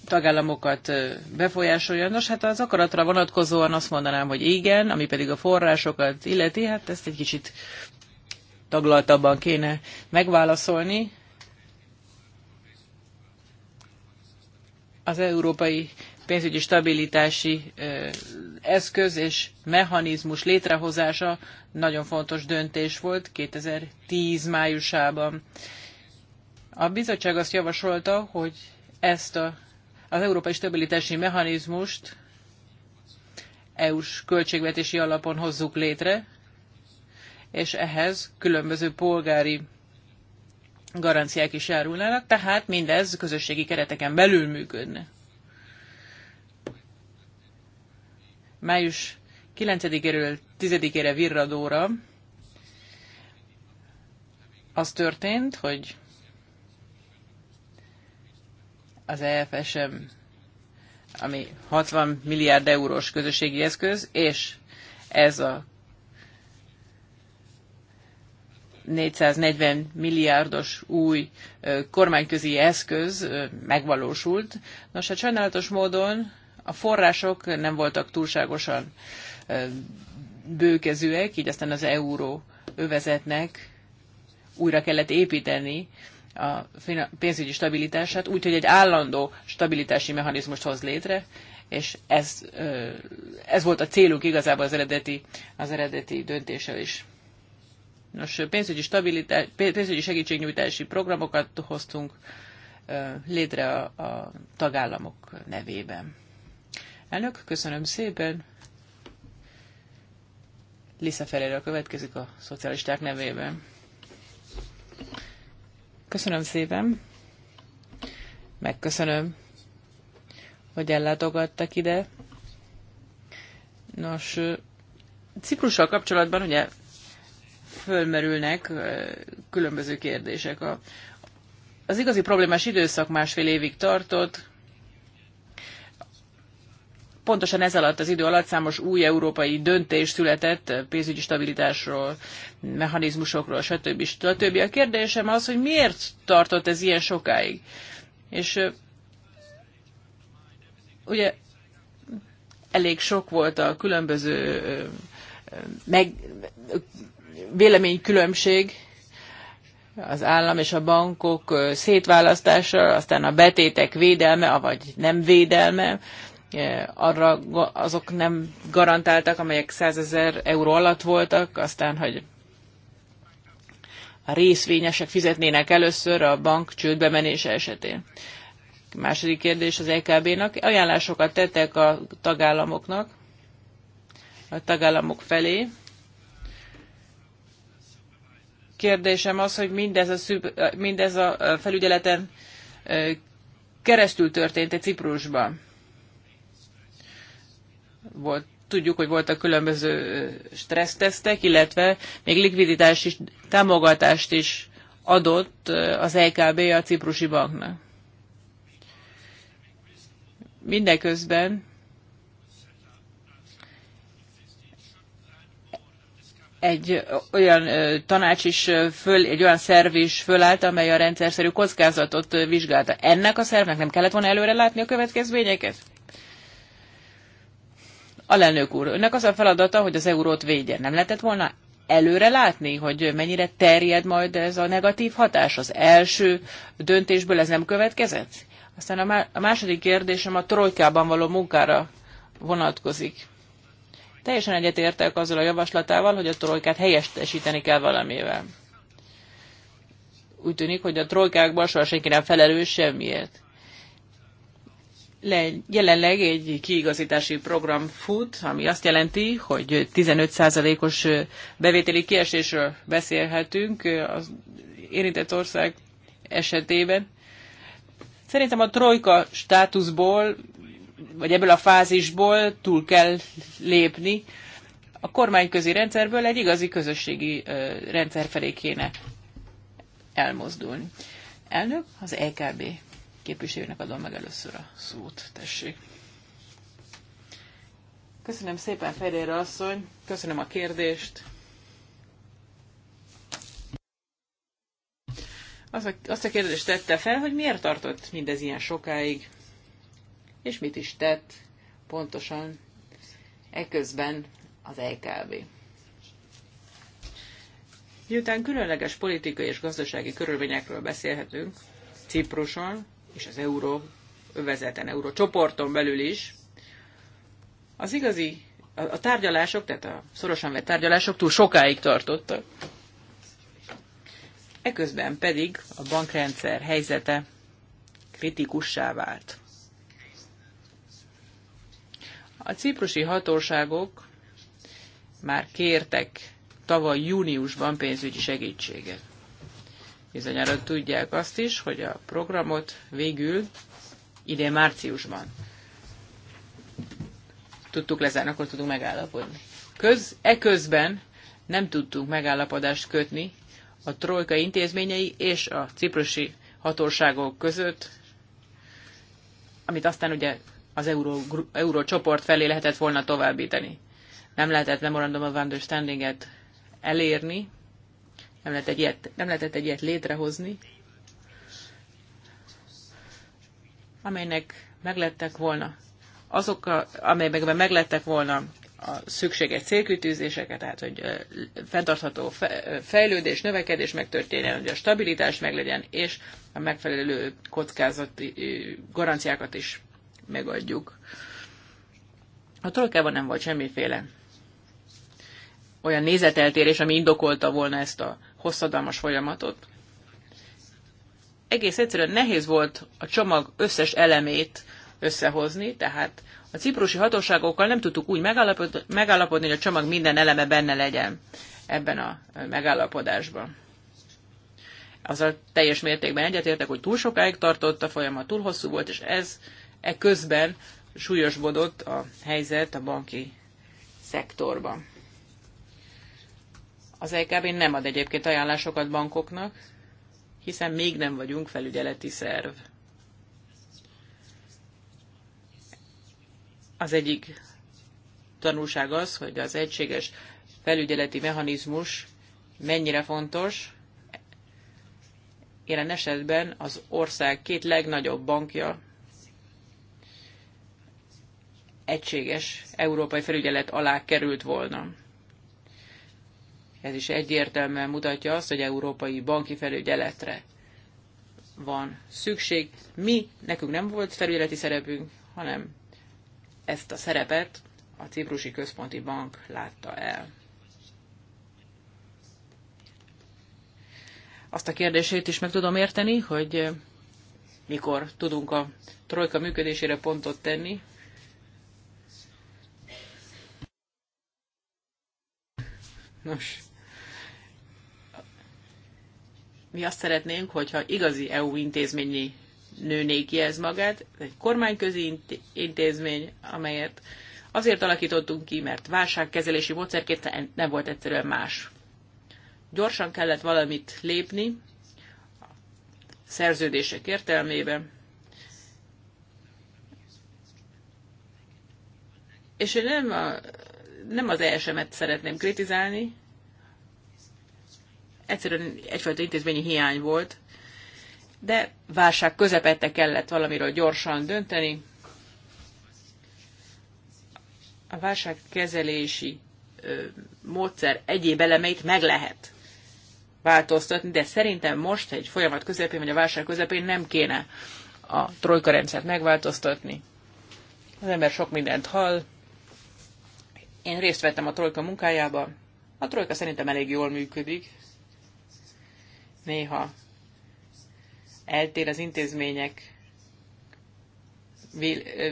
tagállamokat befolyásolja. Nos, hát az akaratra vonatkozóan azt mondanám, hogy igen, ami pedig a forrásokat illeti, hát ezt egy kicsit taglaltabban kéne megválaszolni. Az európai pénzügyi stabilitási eszköz és mechanizmus létrehozása nagyon fontos döntés volt 2010 májusában. A bizottság azt javasolta, hogy ezt a az európai stabilitási mechanizmust EU-s költségvetési alapon hozzuk létre, és ehhez különböző polgári garanciák is járulnának, tehát mindez közösségi kereteken belül működne. Május 9-éről 10-ére virradóra az történt, hogy az EFSM, ami 60 milliárd eurós közösségi eszköz, és ez a 440 milliárdos új kormányközi eszköz megvalósult. Nos, hát sajnálatos módon a források nem voltak túlságosan bőkezőek, így aztán az euró övezetnek újra kellett építeni a pénzügyi stabilitását, úgy, hogy egy állandó stabilitási mechanizmust hoz létre, és ez, ez volt a célunk igazából az eredeti, az eredeti döntéssel is. Nos, pénzügyi, stabilitá pénzügyi segítségnyújtási programokat hoztunk létre a, a tagállamok nevében. Elnök, köszönöm szépen. Lisa Ferreira következik a szocialisták nevében. Köszönöm szépen. Megköszönöm, hogy ellátogattak ide. Nos, Ciprussal kapcsolatban ugye fölmerülnek különböző kérdések. A, az igazi problémás időszak másfél évig tartott, pontosan ez alatt az idő alatt számos új európai döntés született pénzügyi stabilitásról, mechanizmusokról, stb. stb. A kérdésem az, hogy miért tartott ez ilyen sokáig? És ugye elég sok volt a különböző meg, véleménykülönbség az állam és a bankok szétválasztása, aztán a betétek védelme, avagy nem védelme. E, arra azok nem garantáltak, amelyek 100 ezer euró alatt voltak, aztán, hogy a részvényesek fizetnének először a bank csődbe menése esetén. Második kérdés az EKB-nak. Ajánlásokat tettek a tagállamoknak, a tagállamok felé. Kérdésem az, hogy mindez a, szüb, mindez a felügyeleten keresztül történt egy Ciprusban volt, tudjuk, hogy voltak különböző stressztesztek, illetve még likviditás is, támogatást is adott az LKB e a ciprusi banknak. Mindeközben egy olyan tanács is föl, egy olyan szerv is fölállt, amely a rendszerszerű kockázatot vizsgálta. Ennek a szervnek nem kellett volna előre látni a következményeket? Alelnök úr, önnek az a feladata, hogy az eurót védje. Nem lehetett volna előre látni, hogy mennyire terjed majd ez a negatív hatás? Az első döntésből ez nem következett? Aztán a második kérdésem a trojkában való munkára vonatkozik. Teljesen egyetértek azzal a javaslatával, hogy a trojkát helyestesíteni kell valamivel. Úgy tűnik, hogy a trojkákban soha senki nem felelős semmiért le, jelenleg egy kiigazítási program fut, ami azt jelenti, hogy 15%-os bevételi kiesésről beszélhetünk az érintett ország esetében. Szerintem a trojka státuszból, vagy ebből a fázisból túl kell lépni. A kormányközi rendszerből egy igazi közösségi rendszer felé kéne elmozdulni. Elnök az EKB képviselőnek adom meg először a szót. Tessék. Köszönöm szépen, Ferére asszony. Köszönöm a kérdést. Azt a kérdést tette fel, hogy miért tartott mindez ilyen sokáig, és mit is tett pontosan eközben az LKB. E Miután különleges politikai és gazdasági körülményekről beszélhetünk, Cipruson, és az euró övezeten, euró csoporton belül is, az igazi, a, a tárgyalások, tehát a szorosan vett tárgyalások túl sokáig tartottak. Eközben pedig a bankrendszer helyzete kritikussá vált. A ciprusi hatóságok már kértek tavaly júniusban pénzügyi segítséget. Bizonyára tudják azt is, hogy a programot végül idén márciusban tudtuk lezárni, akkor tudunk megállapodni. Köz, eközben nem tudtunk megállapodást kötni a trojka intézményei és a ciprusi hatóságok között, amit aztán ugye az euró, euró csoport felé lehetett volna továbbítani. Nem lehetett memorandum of understanding-et elérni, nem, lehet egy ilyet, nem lehetett egy ilyet létrehozni, amelynek meglettek volna azok, a, amelyekben meglettek volna a szükséges célkütőzéseket, tehát hogy fenntartható fejlődés, növekedés megtörténjen, hogy a stabilitás meglegyen, és a megfelelő kockázati garanciákat is megadjuk. A trojkában nem volt semmiféle olyan nézeteltérés, ami indokolta volna ezt a hosszadalmas folyamatot. Egész egyszerűen nehéz volt a csomag összes elemét összehozni, tehát a ciprusi hatóságokkal nem tudtuk úgy megállapodni, hogy a csomag minden eleme benne legyen ebben a megállapodásban. Azzal teljes mértékben egyetértek, hogy túl sokáig tartott a folyamat, túl hosszú volt, és ez e közben súlyosbodott a helyzet a banki szektorban. Az LKB e nem ad egyébként ajánlásokat bankoknak, hiszen még nem vagyunk felügyeleti szerv. Az egyik tanulság az, hogy az egységes felügyeleti mechanizmus mennyire fontos. Jelen esetben az ország két legnagyobb bankja egységes európai felügyelet alá került volna. Ez is egyértelműen mutatja azt, hogy európai banki felügyeletre van szükség. Mi, nekünk nem volt felügyeleti szerepünk, hanem ezt a szerepet a Ciprusi Központi Bank látta el. Azt a kérdését is meg tudom érteni, hogy mikor tudunk a trojka működésére pontot tenni. Nos, mi azt szeretnénk, hogyha igazi EU intézményi nőné ki ez magát, egy kormányközi intézmény, amelyet azért alakítottunk ki, mert válságkezelési módszerként nem volt egyszerűen más. Gyorsan kellett valamit lépni, a szerződések értelmében, és én nem, a, nem az ESM-et szeretném kritizálni, egyszerűen egyfajta intézményi hiány volt, de válság közepette kellett valamiről gyorsan dönteni. A válságkezelési módszer egyéb elemeit meg lehet változtatni, de szerintem most egy folyamat közepén, vagy a válság közepén nem kéne a trojka rendszert megváltoztatni. Az ember sok mindent hall. Én részt vettem a trojka munkájába. A trojka szerintem elég jól működik néha eltér az intézmények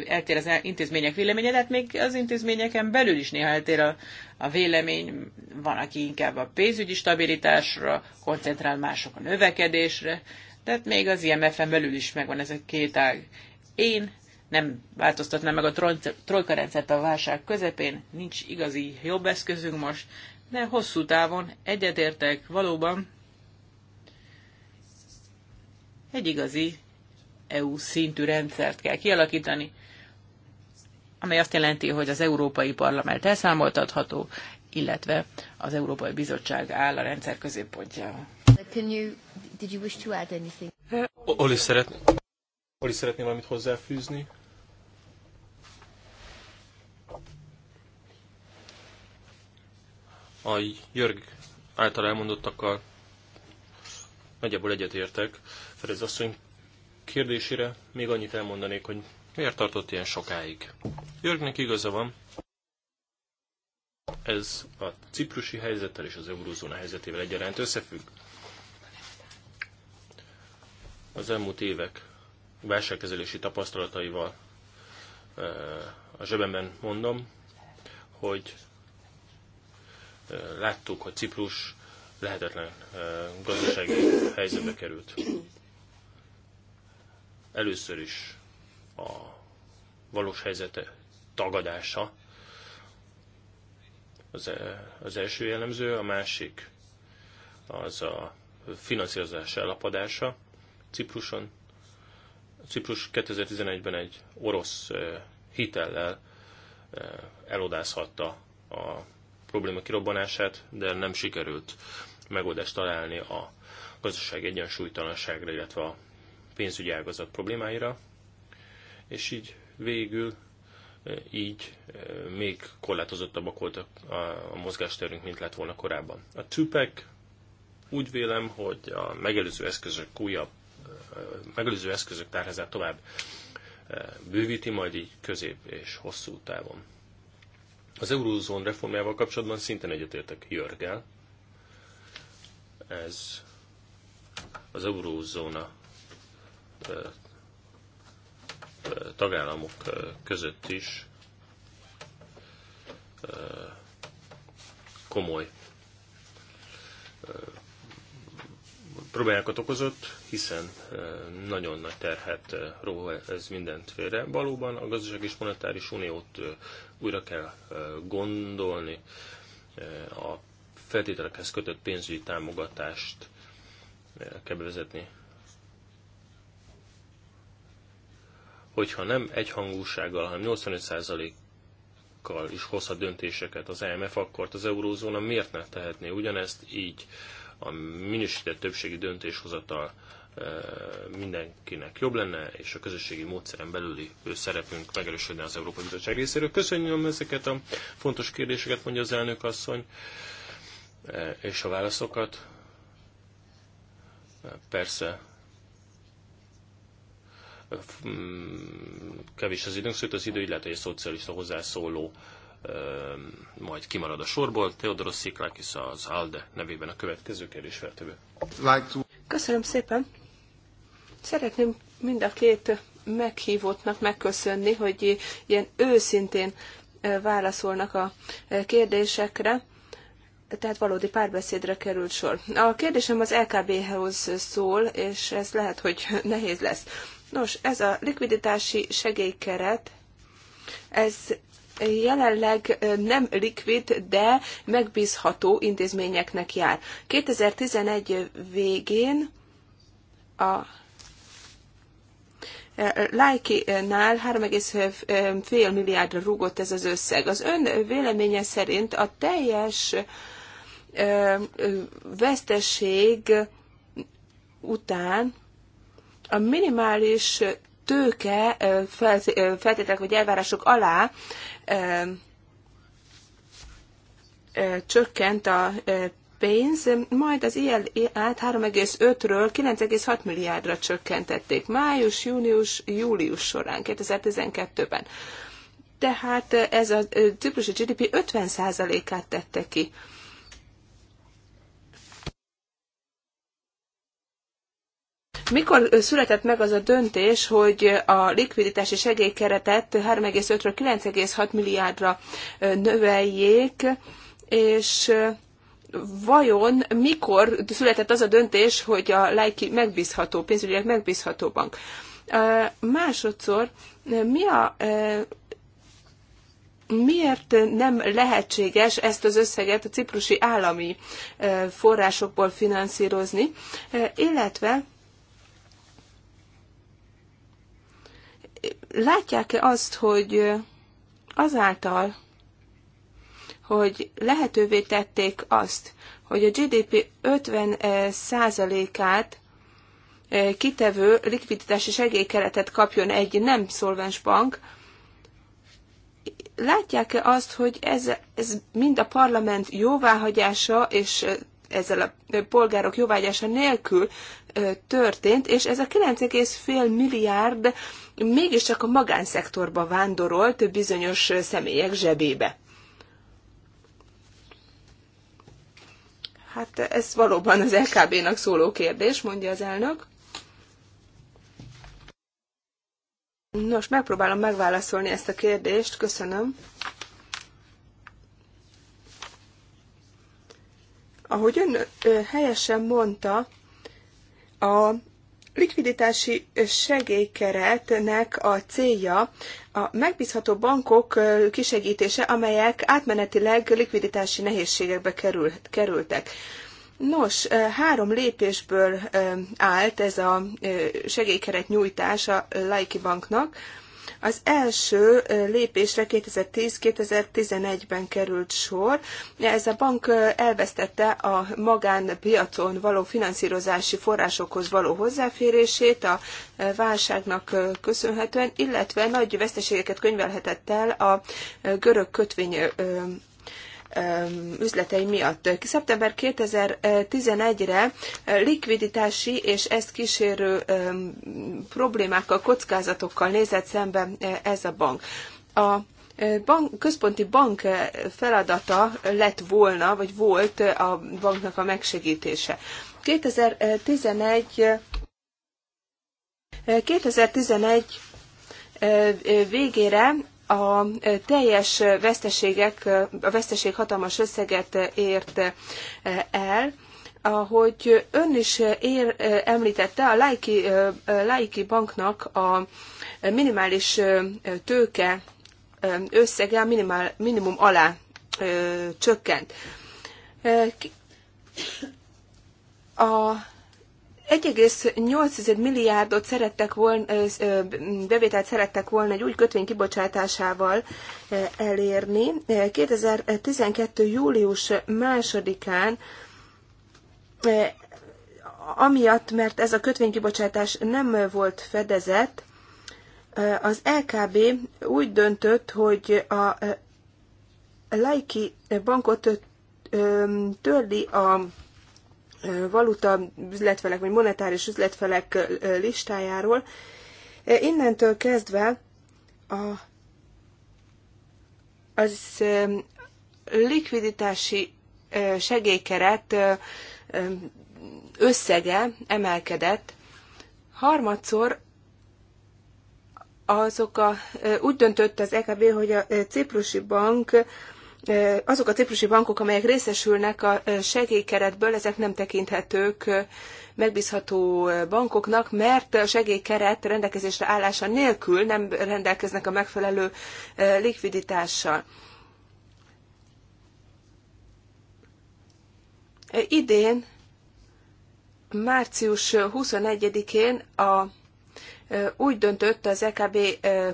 eltér az intézmények véleménye, de hát még az intézményeken belül is néha eltér a, a vélemény. Van, aki inkább a pénzügyi stabilitásra koncentrál, mások a növekedésre, tehát még az IMF-en belül is megvan ez a két ág. Én nem változtatnám meg a trojka rendszert a válság közepén, nincs igazi jobb eszközünk most, de hosszú távon egyetértek valóban egy igazi EU szintű rendszert kell kialakítani, amely azt jelenti, hogy az Európai Parlament elszámoltatható, illetve az Európai Bizottság áll a rendszer középpontjában. Can you, did you wish to add anything? Oli, szeretné, Oli szeretné valamit hozzáfűzni? A Jörg által elmondottakkal nagyjából egyetértek. Perez asszony kérdésére még annyit elmondanék, hogy miért tartott ilyen sokáig. Jörgnek igaza van, ez a ciprusi helyzettel és az eurózóna helyzetével egyaránt összefügg. Az elmúlt évek válságkezelési tapasztalataival eh, a zsebemben mondom, hogy eh, láttuk, hogy Ciprus lehetetlen eh, gazdasági helyzetbe került. Először is a valós helyzete tagadása az, az első jellemző, a másik az a finanszírozás elapadása. Cipruson, Ciprus 2011-ben egy orosz eh, hitellel eh, elodázhatta a probléma kirobbanását, de nem sikerült megoldást találni a gazdaság egyensúlytalanságra, illetve a pénzügyi ágazat problémáira, és így végül e, így e, még korlátozottabbak voltak a mozgásterünk, mint lett volna korábban. A TUPEC úgy vélem, hogy a megelőző eszközök újabb, e, megelőző eszközök tárházát tovább bővíti, majd így közép és hosszú távon. Az eurózón reformjával kapcsolatban szintén egyetértek Jörgel. Ez az eurózóna tagállamok között is komoly problémákat okozott, hiszen nagyon nagy terhet ró ez mindent félre. Valóban a gazdaság és monetáris uniót újra kell gondolni, a feltételekhez kötött pénzügyi támogatást kell bevezetni hogyha nem egyhangúsággal, hanem 85%-kal is hozhat döntéseket az EMF, akkor az eurózóna miért ne tehetné ugyanezt így a minősített többségi döntéshozatal e, mindenkinek jobb lenne, és a közösségi módszeren belüli szerepünk megerősödne az Európai Bizottság részéről. Köszönöm ezeket a fontos kérdéseket, mondja az elnök asszony, e, és a válaszokat. E, persze kevés az időnk, sőt az idő, illetve egy szocialista hozzászóló majd kimarad a sorból. Teodoros Sziklákis az ALDE nevében a következő kérdés feltevő. Köszönöm szépen! Szeretném mind a két meghívottnak megköszönni, hogy ilyen őszintén válaszolnak a kérdésekre, tehát valódi párbeszédre került sor. A kérdésem az LKB-hez szól, és ez lehet, hogy (laughs) nehéz lesz. Nos, ez a likviditási segélykeret, ez jelenleg nem likvid, de megbízható intézményeknek jár. 2011 végén a Lájkinál 3,5 milliárdra rúgott ez az összeg. Az ön véleménye szerint a teljes veszteség után a minimális tőke feltételek vagy elvárások alá csökkent a pénz, majd az ilyen át 3,5-ről 9,6 milliárdra csökkentették május, június, július során, 2012-ben. Tehát ez a ciprusi GDP 50%-át tette ki. Mikor született meg az a döntés, hogy a likviditási segélykeretet 3,5-ről 9,6 milliárdra növeljék, és vajon mikor született az a döntés, hogy a Laiki megbízható, pénzügyileg megbízható bank? Másodszor, mi a miért nem lehetséges ezt az összeget a ciprusi állami forrásokból finanszírozni, illetve látják-e azt, hogy azáltal, hogy lehetővé tették azt, hogy a GDP 50%-át kitevő likviditási segélykeretet kapjon egy nem szolvens bank, látják-e azt, hogy ez, ez mind a parlament jóváhagyása és ezzel a polgárok jóvágyása nélkül történt, és ez a 9,5 milliárd mégiscsak a magánszektorba vándorolt bizonyos személyek zsebébe. Hát ez valóban az LKB-nak szóló kérdés, mondja az elnök. Nos, megpróbálom megválaszolni ezt a kérdést, köszönöm. Ahogy ön helyesen mondta, a likviditási segélykeretnek a célja a megbízható bankok kisegítése, amelyek átmenetileg likviditási nehézségekbe kerül, kerültek. Nos, három lépésből állt ez a segélykeret nyújtás a Laiki Banknak. Az első lépésre 2010-2011-ben került sor. Ez a bank elvesztette a magánpiacon való finanszírozási forrásokhoz való hozzáférését a válságnak köszönhetően, illetve nagy veszteségeket könyvelhetett el a görög kötvény üzletei miatt. Szeptember 2011-re eh, likviditási és ezt kísérő problémákkal, kockázatokkal nézett szembe eh, ez a bank. A eh, bank, központi bank feladata lett volna, vagy volt a banknak a megsegítése. 2011 2011 végére a teljes veszteségek, a veszteség hatalmas összeget ért el, ahogy ön is ér, említette, a Laiki, Laiki banknak a minimális tőke összege a minimál, minimum alá csökkent. A 1,8 milliárdot szerettek volna, bevételt szerettek volna egy új kötvény kibocsátásával elérni. 2012. július másodikán amiatt, mert ez a kötvénykibocsátás nem volt fedezett, az LKB úgy döntött, hogy a Laiki bankot törli a valuta üzletfelek, vagy monetáris üzletfelek listájáról. E, innentől kezdve a, az likviditási segélykeret összege emelkedett. Harmadszor azok a, úgy döntött az EKB, hogy a ciprusi bank azok a ciprusi bankok, amelyek részesülnek a segélykeretből, ezek nem tekinthetők megbízható bankoknak, mert a segélykeret rendelkezésre állása nélkül nem rendelkeznek a megfelelő likviditással. Idén, március 21-én a, úgy döntött az EKB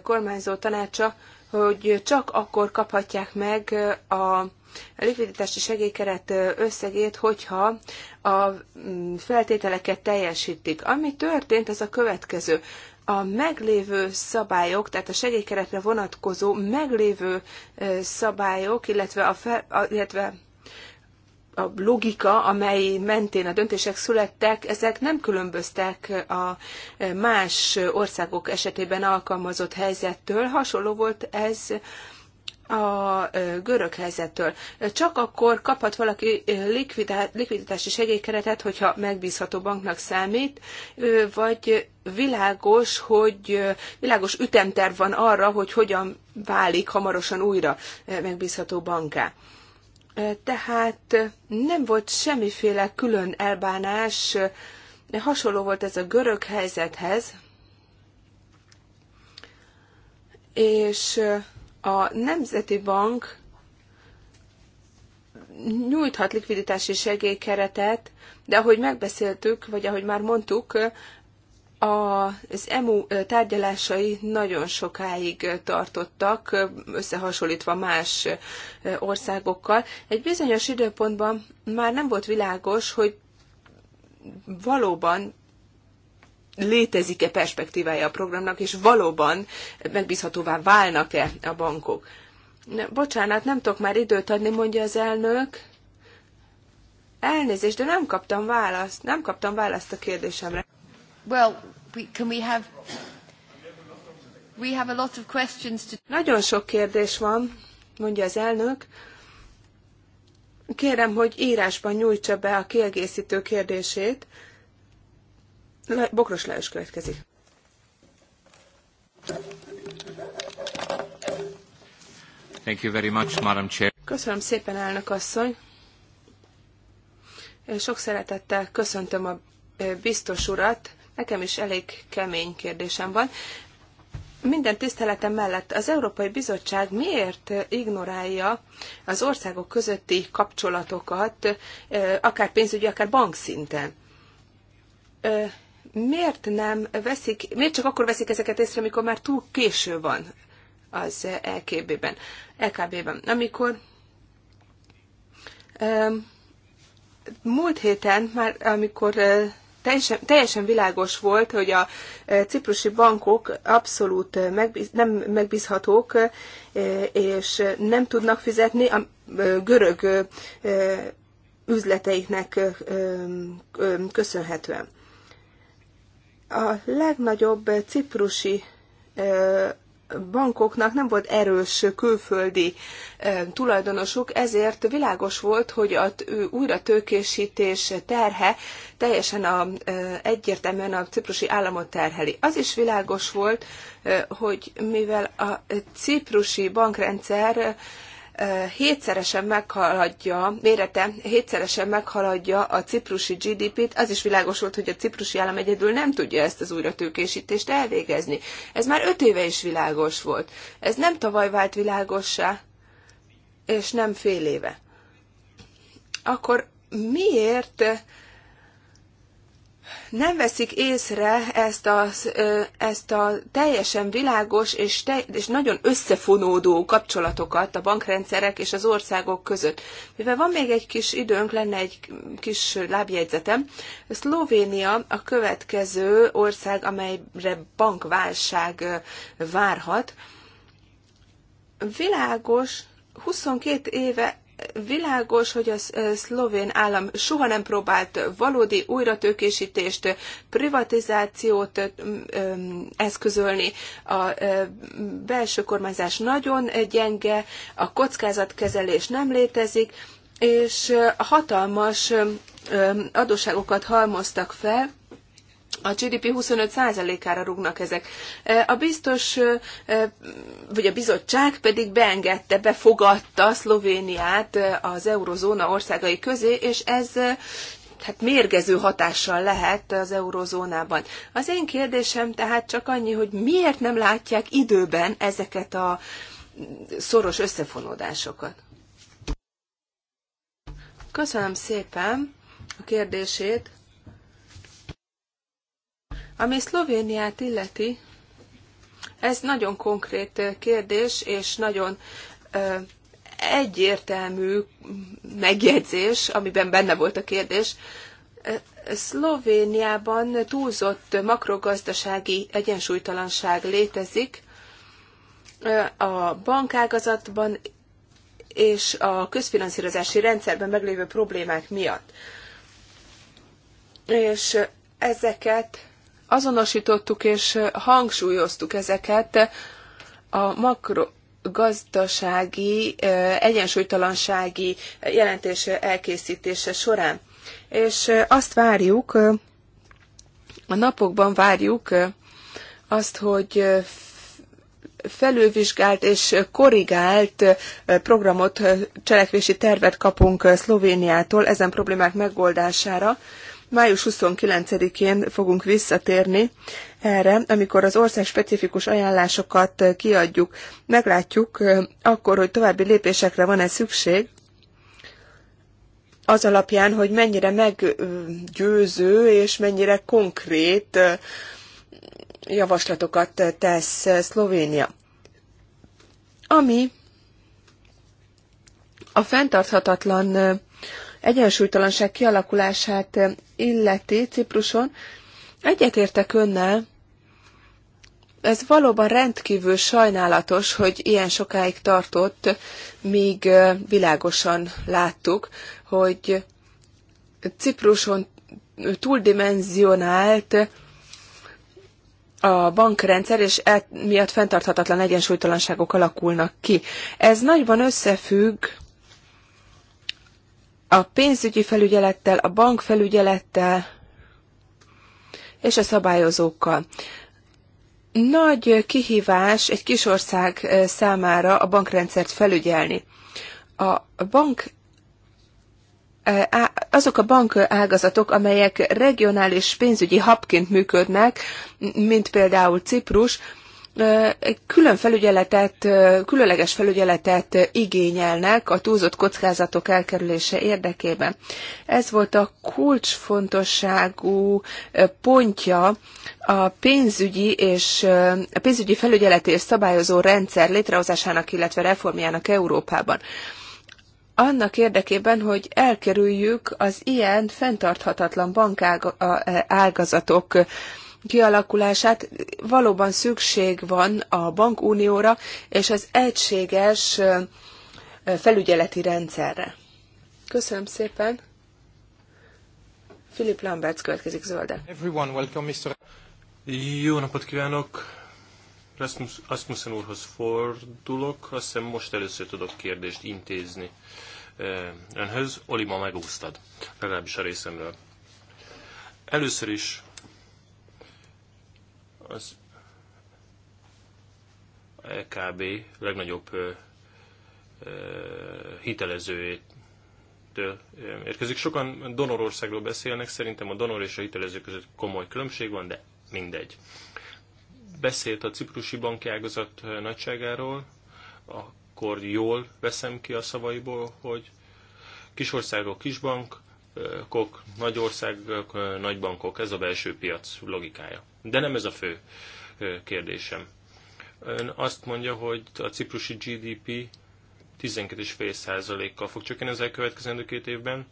kormányzó tanácsa, hogy csak akkor kaphatják meg a likviditási segélykeret összegét, hogyha a mm, feltételeket teljesítik. Ami történt, az a következő. A meglévő szabályok, tehát a segélykeretre vonatkozó meglévő szabályok, illetve a, fel, illetve a logika, amely mentén a döntések születtek, ezek nem különböztek a más országok esetében alkalmazott helyzettől. Hasonló volt ez a görög helyzettől. Csak akkor kaphat valaki likviditási segélykeretet, hogyha megbízható banknak számít, vagy világos, hogy világos ütemterv van arra, hogy hogyan válik hamarosan újra megbízható banká. Tehát nem volt semmiféle külön elbánás, hasonló volt ez a görög helyzethez, és a Nemzeti Bank nyújthat likviditási segélykeretet, de ahogy megbeszéltük, vagy ahogy már mondtuk, az EMU tárgyalásai nagyon sokáig tartottak, összehasonlítva más országokkal. Egy bizonyos időpontban már nem volt világos, hogy valóban létezik-e perspektívája a programnak, és valóban megbízhatóvá válnak-e a bankok. Bocsánat, nem tudok már időt adni, mondja az elnök. Elnézést, de nem kaptam választ. Nem kaptam választ a kérdésemre. Well, we, can we have... We have a lot of questions to... Nagyon sok kérdés van, mondja az elnök. Kérem, hogy írásban nyújtsa be a kiegészítő kérdését. Le, Bokros Lajos következik. Thank you very much, Madam Chair. Köszönöm szépen, elnök asszony. Sok szeretettel köszöntöm a biztos urat. Nekem is elég kemény kérdésem van. Minden tiszteletem mellett az Európai Bizottság miért ignorálja az országok közötti kapcsolatokat, eh, akár pénzügyi, akár bankszinten? Eh, miért nem veszik, miért csak akkor veszik ezeket észre, amikor már túl késő van az LKB-ben, LKB-ben, amikor eh, múlt héten, már amikor teljesen, teljesen világos volt, hogy a e, ciprusi bankok abszolút e, megbíz, nem megbízhatók, e, és nem tudnak fizetni a görög üzleteiknek köszönhetően. A legnagyobb ciprusi bankoknak nem volt erős külföldi eh, tulajdonosuk, ezért világos volt, hogy a újra tőkésítés terhe teljesen a, eh, egyértelműen a ciprusi államot terheli. Az is világos volt, eh, hogy mivel a ciprusi bankrendszer hétszeresen meghaladja, mérete hétszeresen meghaladja a ciprusi GDP-t, az is világos volt, hogy a ciprusi állam egyedül nem tudja ezt az újratőkésítést elvégezni. Ez már öt éve is világos volt. Ez nem tavaly vált világossá, és nem fél éve. Akkor miért nem veszik észre ezt a, ezt a teljesen világos és, te, és nagyon összefonódó kapcsolatokat a bankrendszerek és az országok között. Mivel van még egy kis időnk, lenne egy kis lábjegyzetem. Szlovénia a következő ország, amelyre bankválság várhat. Világos, 22 éve Világos, hogy a szlovén állam soha nem próbált valódi újratőkésítést, privatizációt eszközölni. A belső kormányzás nagyon gyenge, a kockázatkezelés nem létezik, és hatalmas adósságokat halmoztak fel, a GDP 25%-ára rúgnak ezek. A biztos, vagy a bizottság pedig beengedte, befogadta Szlovéniát az eurozóna országai közé, és ez hát mérgező hatással lehet az eurozónában. Az én kérdésem tehát csak annyi, hogy miért nem látják időben ezeket a szoros összefonódásokat? Köszönöm szépen a kérdését. Ami Szlovéniát illeti, ez nagyon konkrét kérdés, és nagyon egyértelmű megjegyzés, amiben benne volt a kérdés. Szlovéniában túlzott makrogazdasági egyensúlytalanság létezik a bankágazatban és a közfinanszírozási rendszerben meglévő problémák miatt. És ezeket azonosítottuk és hangsúlyoztuk ezeket a makro gazdasági egyensúlytalansági jelentés elkészítése során. És azt várjuk, a napokban várjuk azt, hogy felülvizsgált és korrigált programot, cselekvési tervet kapunk Szlovéniától ezen problémák megoldására, Május 29-én fogunk visszatérni erre, amikor az ország specifikus ajánlásokat kiadjuk. Meglátjuk akkor, hogy további lépésekre van-e szükség, az alapján, hogy mennyire meggyőző és mennyire konkrét javaslatokat tesz Szlovénia. Ami a fenntarthatatlan egyensúlytalanság kialakulását illeti Cipruson, egyetértek önnel, ez valóban rendkívül sajnálatos, hogy ilyen sokáig tartott, míg világosan láttuk, hogy Cipruson túldimenzionált a bankrendszer, és e miatt fenntarthatatlan egyensúlytalanságok alakulnak ki. Ez nagyban összefügg a pénzügyi felügyelettel, a bankfelügyelettel és a szabályozókkal. Nagy kihívás egy kis ország számára a bankrendszert felügyelni. A bank azok a bank ágazatok, amelyek regionális pénzügyi habként működnek, mint például Ciprus, külön felügyeletet, különleges felügyeletet igényelnek a túlzott kockázatok elkerülése érdekében. Ez volt a kulcsfontosságú pontja a pénzügyi és a pénzügyi felügyeleti és szabályozó rendszer létrehozásának, illetve reformjának Európában annak érdekében, hogy elkerüljük az ilyen fenntarthatatlan bankágazatok kialakulását. Valóban szükség van a bankunióra és az egységes felügyeleti rendszerre. Köszönöm szépen. Filip Lamberts következik zölde. Everyone, welcome, Mr. Jó napot kívánok! Rasmussen úrhoz fordulok, azt hiszem most először tudok kérdést intézni önhöz. Olima megúsztad, legalábbis a részemről. Először is az EKB legnagyobb hitelezőjétől érkezik. Sokan donorországról beszélnek, szerintem a donor és a hitelező között komoly különbség van, de mindegy. Beszélt a ciprusi banki ágazat nagyságáról, akkor jól veszem ki a szavaiból, hogy kisországok, kis bankok nagy országok, nagy bankok, ez a belső piac logikája. De nem ez a fő kérdésem. Ön azt mondja, hogy a ciprusi GDP 12,5%-kal fog csökkenni az elkövetkezendő két évben.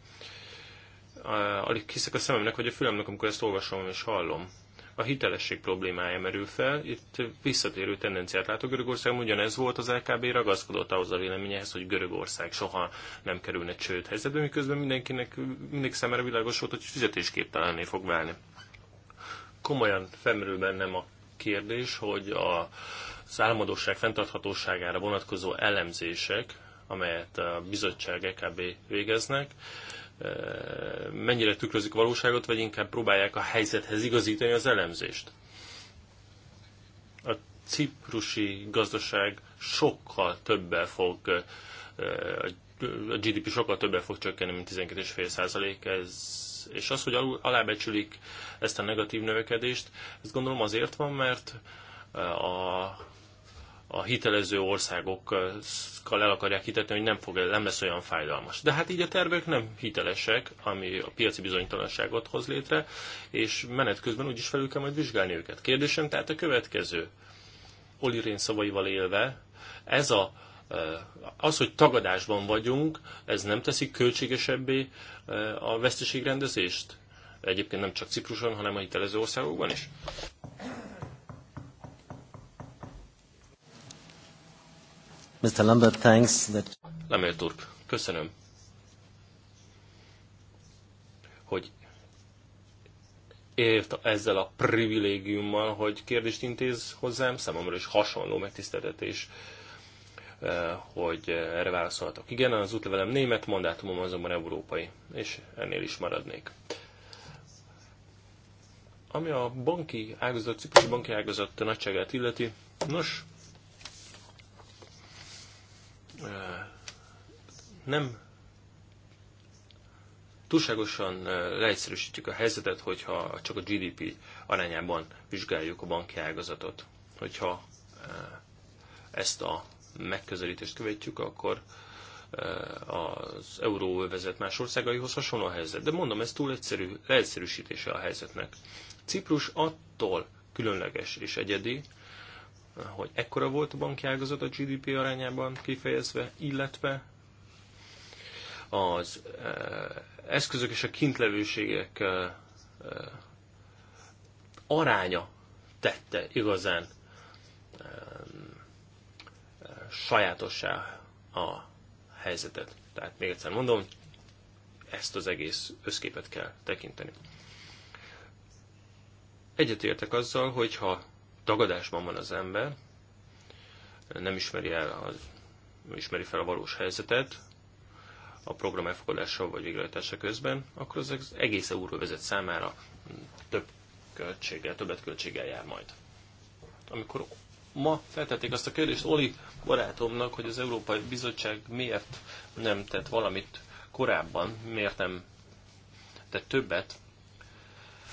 Alig hiszek a szememnek, hogy a fülemnek, amikor ezt olvasom és hallom. A hitelesség problémája merül fel, itt visszatérő tendenciát látok Görögország, ugyanez volt az LKB ragaszkodott ahhoz a véleményehez, hogy Görögország soha nem kerülne csőd helyzetbe, miközben mindenkinek, mindenki számára világos volt, hogy fizetésképtelenné fog válni komolyan felmerül bennem a kérdés, hogy a, az fenntarthatóságára vonatkozó elemzések, amelyet a bizottság EKB végeznek, e, mennyire tükrözik a valóságot, vagy inkább próbálják a helyzethez igazítani az elemzést. A ciprusi gazdaság sokkal többel fog, e, a GDP sokkal többel fog csökkenni, mint 12,5 ez és az, hogy alábecsülik ezt a negatív növekedést, ezt gondolom azért van, mert eh, a, a hitelező országokkal el akarják hitetni, hogy nem, fog, nem lesz olyan fájdalmas. De hát így a tervek nem hitelesek, ami a piaci bizonytalanságot hoz létre, és menet közben úgyis felül kell majd vizsgálni őket. Kérdésem tehát a következő. Oli Rén szavaival élve, ez a az, hogy tagadásban vagyunk, ez nem teszi költségesebbé a veszteségrendezést? Egyébként nem csak Cipruson, hanem a hitelező országokban is? Mr. Lambert, thanks. That... Lambert úr, köszönöm, hogy ért ezzel a privilégiummal, hogy kérdést intéz hozzám, számomra is hasonló megtiszteltetés Eh, hogy erre válaszolhatok. Igen, az útlevelem német, mandátumom azonban európai, és ennél is maradnék. Ami a banki ágazat, ciprusi banki ágazat nagyságát illeti, nos, eh, nem túlságosan eh, leegyszerűsítjük a helyzetet, hogyha csak a GDP arányában vizsgáljuk a banki ágazatot. Hogyha ezt a megközelítést követjük, akkor eh, az euróövezet más országaihoz hasonló a helyzet. De mondom, ez túl egyszerű leegyszerűsítése a helyzetnek. Ciprus attól különleges és egyedi, hogy ekkora volt a banki ágazat a GDP arányában kifejezve, illetve az eh, eszközök és a kintlevőségek eh, aránya tette igazán sajátossá a helyzetet. Tehát még egyszer mondom, ezt az egész összképet kell tekinteni. Egyetértek azzal, hogy ha tagadásban van az ember, nem ismeri, el az, nem ismeri fel a valós helyzetet a program elfogadása vagy végrehajtása közben, akkor az egész euróvezet számára több költséggel, többet költséggel jár majd. Amikor ma feltették azt a kérdést Oli barátomnak, hogy az Európai Bizottság miért nem tett valamit korábban, miért nem tett többet,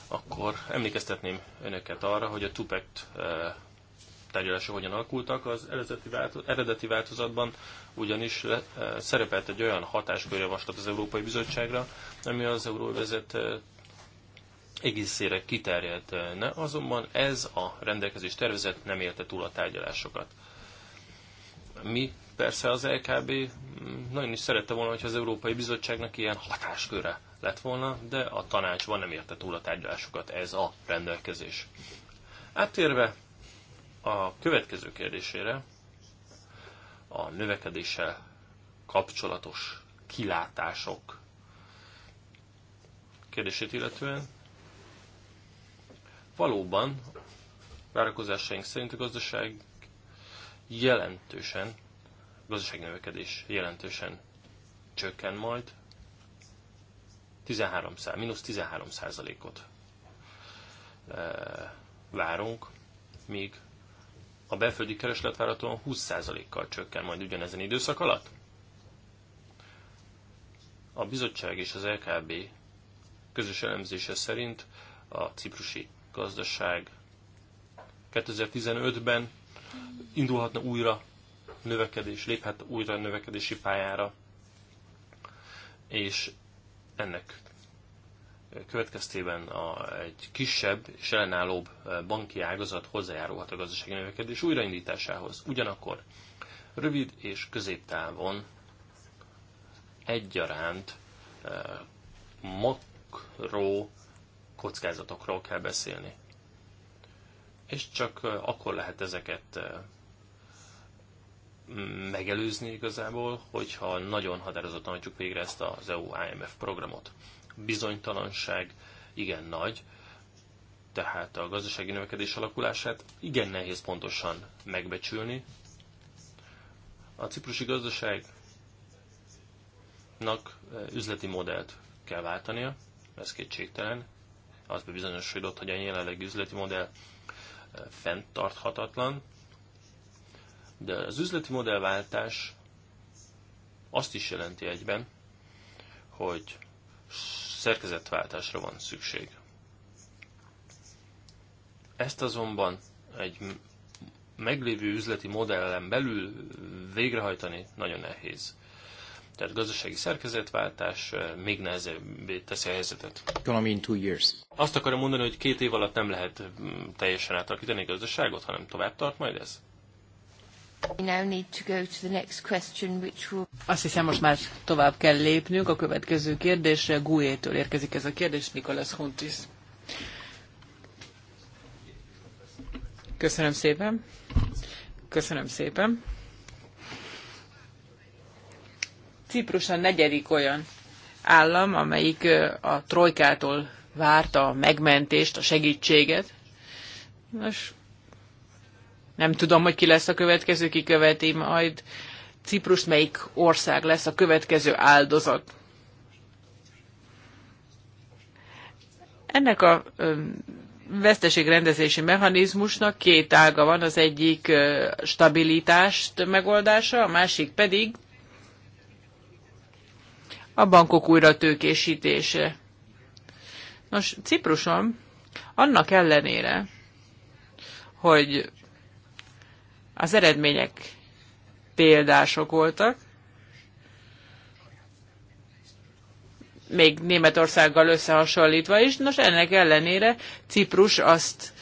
akkor emlékeztetném önöket arra, hogy a Tupekt eh, tárgyalása hogyan alakultak. Az eredeti, változ, eredeti változatban ugyanis le, eh, szerepelt egy olyan hatáskörjavaslat az Európai Bizottságra, ami az euróvezet eh, egészére ne? azonban ez a rendelkezés tervezet nem élte túl a tárgyalásokat. Mi persze az LKB mm, nagyon is szerette volna, hogy az Európai Bizottságnak ilyen hatásköre lett volna, de a tanácsban nem érte túl a tárgyalásokat ez a rendelkezés. Áttérve a következő kérdésére, a növekedéssel kapcsolatos kilátások kérdését illetően Valóban, várakozásaink szerint a gazdaság jelentősen, a gazdaság növekedés jelentősen csökken majd, 13 száz, mínusz 13 százalékot e, várunk, míg a belföldi kereslet várhatóan 20%-kal csökken majd ugyanezen időszak alatt? A bizottság és az LKB közös elemzése szerint a ciprusi gazdaság 2015-ben indulhatna újra növekedés, léphet újra növekedési pályára, és ennek következtében a, egy kisebb és ellenállóbb banki ágazat hozzájárulhat a gazdasági növekedés újraindításához. Ugyanakkor rövid és középtávon egyaránt makro kockázatokról kell beszélni. És csak akkor lehet ezeket megelőzni igazából, hogyha nagyon határozottan hagyjuk végre ezt az EU-IMF programot. Bizonytalanság igen nagy, tehát a gazdasági növekedés alakulását igen nehéz pontosan megbecsülni. A ciprusi gazdaságnak üzleti modellt kell váltania, ez kétségtelen, az bebizonyosodott, hogy a jelenleg üzleti modell eh, fenntarthatatlan, de az üzleti modellváltás azt is jelenti egyben, hogy szerkezetváltásra van szükség. Ezt azonban egy meglévő üzleti modellen belül végrehajtani nagyon nehéz. Tehát gazdasági szerkezetváltás még nehezebb teszi a helyzetet. in two years. Azt akarom mondani, hogy két év alatt nem lehet teljesen átalakítani a gazdaságot, hanem tovább tart majd ez? Azt hiszem, most már tovább kell lépnünk. A következő kérdésre Gújétől érkezik ez a kérdés, Nikolas Huntis. Köszönöm szépen. Köszönöm szépen. Ciprus a negyedik olyan állam, amelyik a trojkától várta a megmentést, a segítséget. Nos, nem tudom, hogy ki lesz a következő, ki követi majd Ciprus, melyik ország lesz a következő áldozat. Ennek a veszteségrendezési mechanizmusnak két ága van, az egyik stabilitást megoldása, a másik pedig a bankok tőkésítése. Nos, Cipruson annak ellenére, hogy az eredmények példások voltak, még Németországgal összehasonlítva is. Nos, ennek ellenére Ciprus azt,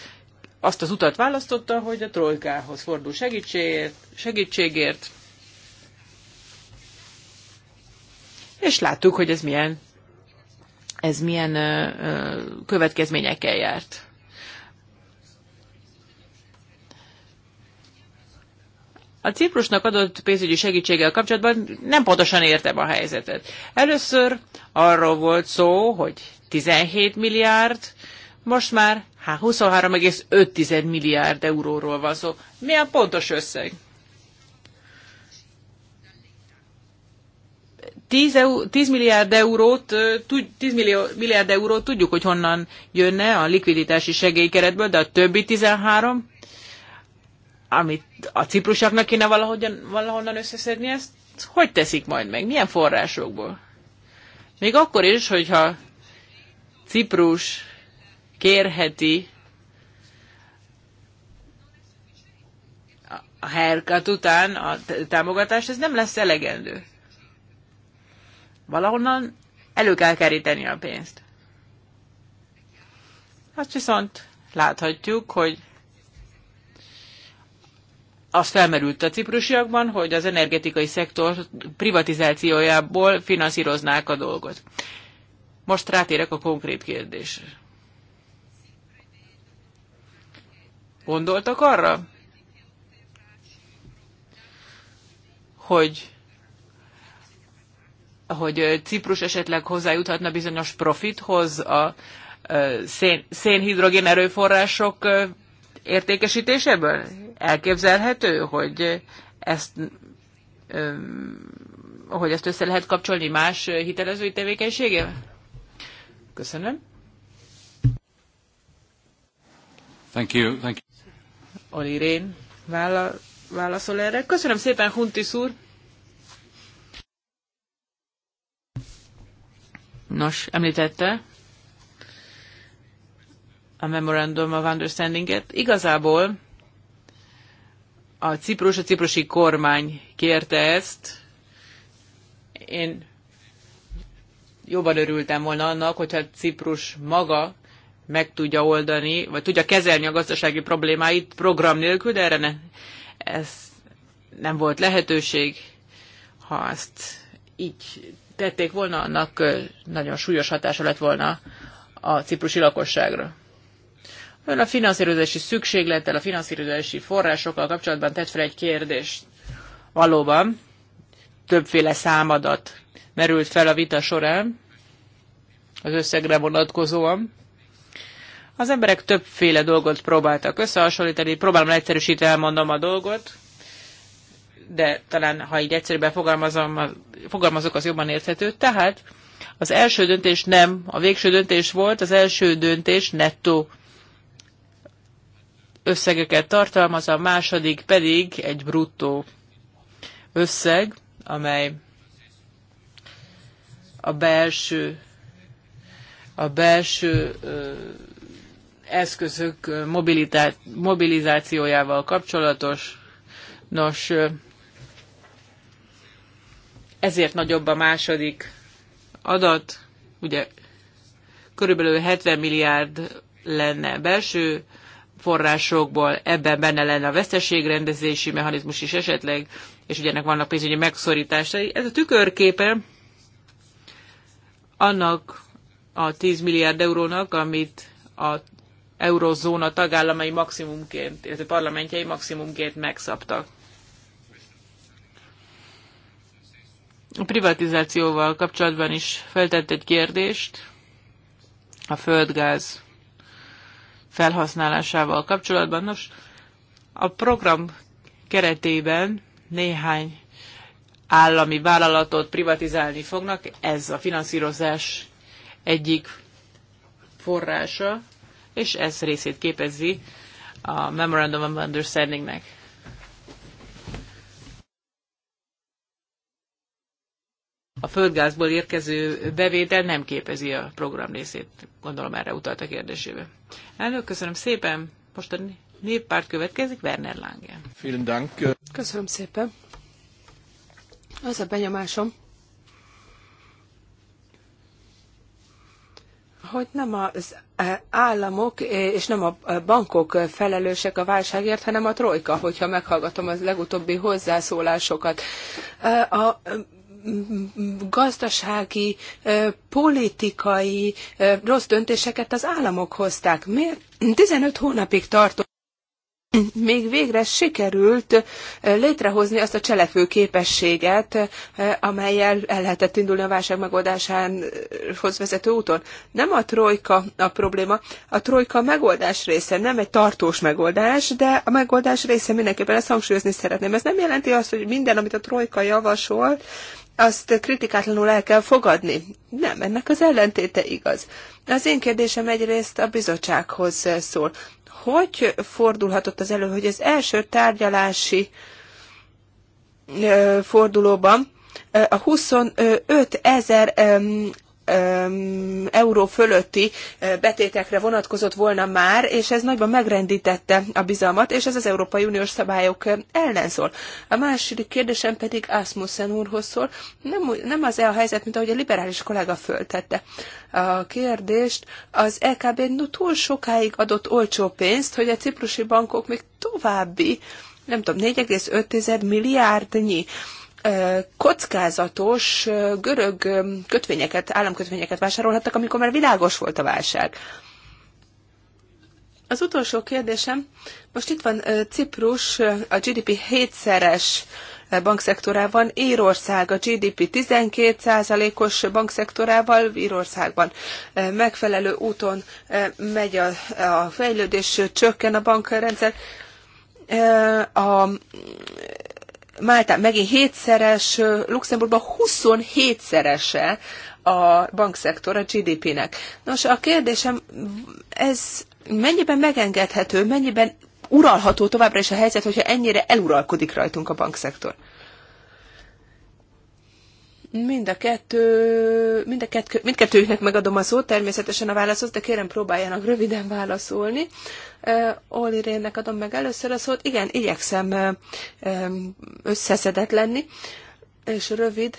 azt az utat választotta, hogy a trojkához fordul segítségért, segítségért és láttuk, hogy ez milyen, ez milyen következményekkel járt. A Ciprusnak adott pénzügyi segítséggel kapcsolatban nem pontosan értem a helyzetet. Először arról volt szó, hogy 17 milliárd, most már 23,5 milliárd euróról van szó. Milyen pontos összeg? 10, EU, 10 milliárd eurót, 10 millió, milliárd eurót tudjuk, hogy honnan jönne a likviditási segélykeretből, de a többi 13, amit a ciprusaknak kéne valahogyan, valahonnan összeszedni, ezt hogy teszik majd meg? Milyen forrásokból? Még akkor is, hogyha Ciprus kérheti a herkat után a támogatást, ez nem lesz elegendő. Valahonnan elő kell keríteni a pénzt. Azt viszont láthatjuk, hogy az felmerült a ciprusiakban, hogy az energetikai szektor privatizációjából finanszíroznák a dolgot. Most rátérek a konkrét kérdésre. Gondoltak arra, hogy hogy Ciprus esetleg hozzájuthatna bizonyos profithoz a szén, szénhidrogén erőforrások értékesítéséből? Elképzelhető, hogy ezt hogy ezt össze lehet kapcsolni más hitelezői tevékenységével? Köszönöm. Thank you. Thank you. Oli Rén vála, válaszol erre. Köszönöm szépen, Huntis úr. Nos, említette a Memorandum of Understanding-et. Igazából a Ciprus, a ciprusi kormány kérte ezt. Én jobban örültem volna annak, hogyha Ciprus maga meg tudja oldani, vagy tudja kezelni a gazdasági problémáit program nélkül, de erre ne, ez nem volt lehetőség. Ha ezt így tették volna, annak nagyon súlyos hatása lett volna a ciprusi lakosságra. Ön a finanszírozási szükséglettel, a finanszírozási forrásokkal kapcsolatban tett fel egy kérdést. Valóban többféle számadat merült fel a vita során, az összegre vonatkozóan. Az emberek többféle dolgot próbáltak összehasonlítani, próbálom egyszerűsítve elmondom a dolgot de talán ha így egyszerűben fogalmazom, fogalmazok, az jobban érthető. Tehát az első döntés nem, a végső döntés volt, az első döntés nettó összegeket tartalmaz, a második pedig egy bruttó összeg, amely a belső, a belső ö, eszközök mobilizációjával kapcsolatos. Nos, ezért nagyobb a második adat, ugye körülbelül 70 milliárd lenne belső forrásokból, ebben benne lenne a veszteségrendezési mechanizmus is esetleg, és ugye ennek vannak pénzügyi megszorításai. Ez a tükörképe annak a 10 milliárd eurónak, amit a eurozóna tagállamai maximumként, illetve parlamentjei maximumként megszabtak. a privatizációval kapcsolatban is feltett egy kérdést a földgáz felhasználásával kapcsolatban. Nos, a program keretében néhány állami vállalatot privatizálni fognak, ez a finanszírozás egyik forrása, és ez részét képezi a Memorandum of Understandingnek. a földgázból érkező bevétel nem képezi a program részét. Gondolom erre utalt a kérdésébe. Elnök, köszönöm szépen. Most a néppárt következik, Werner Lange. Vielen Dank. Köszönöm szépen. Az a benyomásom, hogy nem az államok és nem a bankok felelősek a válságért, hanem a trojka, hogyha meghallgatom az legutóbbi hozzászólásokat. A gazdasági, politikai rossz döntéseket az államok hozták. Miért 15 hónapig tartott? Még végre sikerült létrehozni azt a cselekvő képességet, amelyel el lehetett indulni a válság megoldásához vezető úton. Nem a trojka a probléma, a trojka a megoldás része, nem egy tartós megoldás, de a megoldás része mindenképpen ezt hangsúlyozni szeretném. Ez nem jelenti azt, hogy minden, amit a trojka javasol, azt kritikátlanul el kell fogadni. Nem, ennek az ellentéte igaz. Az én kérdésem egyrészt a bizottsághoz szól. Hogy fordulhatott az elő, hogy az első tárgyalási fordulóban a 25 ezer euró fölötti betétekre vonatkozott volna már, és ez nagyban megrendítette a bizalmat, és ez az Európai Uniós szabályok ellen szól. A második kérdésem pedig Asmussen úrhoz szól. Nem, nem az-e a helyzet, mint ahogy a liberális kollega föltette a kérdést. Az EKB no, túl sokáig adott olcsó pénzt, hogy a ciprusi bankok még további, nem tudom, 4,5 milliárdnyi kockázatos görög kötvényeket, államkötvényeket vásárolhattak, amikor már világos volt a válság. Az utolsó kérdésem, most itt van Ciprus, a GDP 7-szeres bankszektorában, Írország a GDP 12%-os bankszektorával, Írországban megfelelő úton megy a, a fejlődés, csökken a bankrendszer. A Máltán megint hétszeres, Luxemburgban 27-szerese a bankszektor a GDP-nek. Nos, a kérdésem, ez mennyiben megengedhető, mennyiben uralható továbbra is a helyzet, hogyha ennyire eluralkodik rajtunk a bankszektor? Mind a kettő, mind a kettő, mindkettőjüknek megadom a szót, természetesen a válaszhoz, de kérem próbáljanak röviden válaszolni. Uh, Oli Rénnek adom meg először a szót. Igen, igyekszem uh, um, összeszedett lenni, és rövid.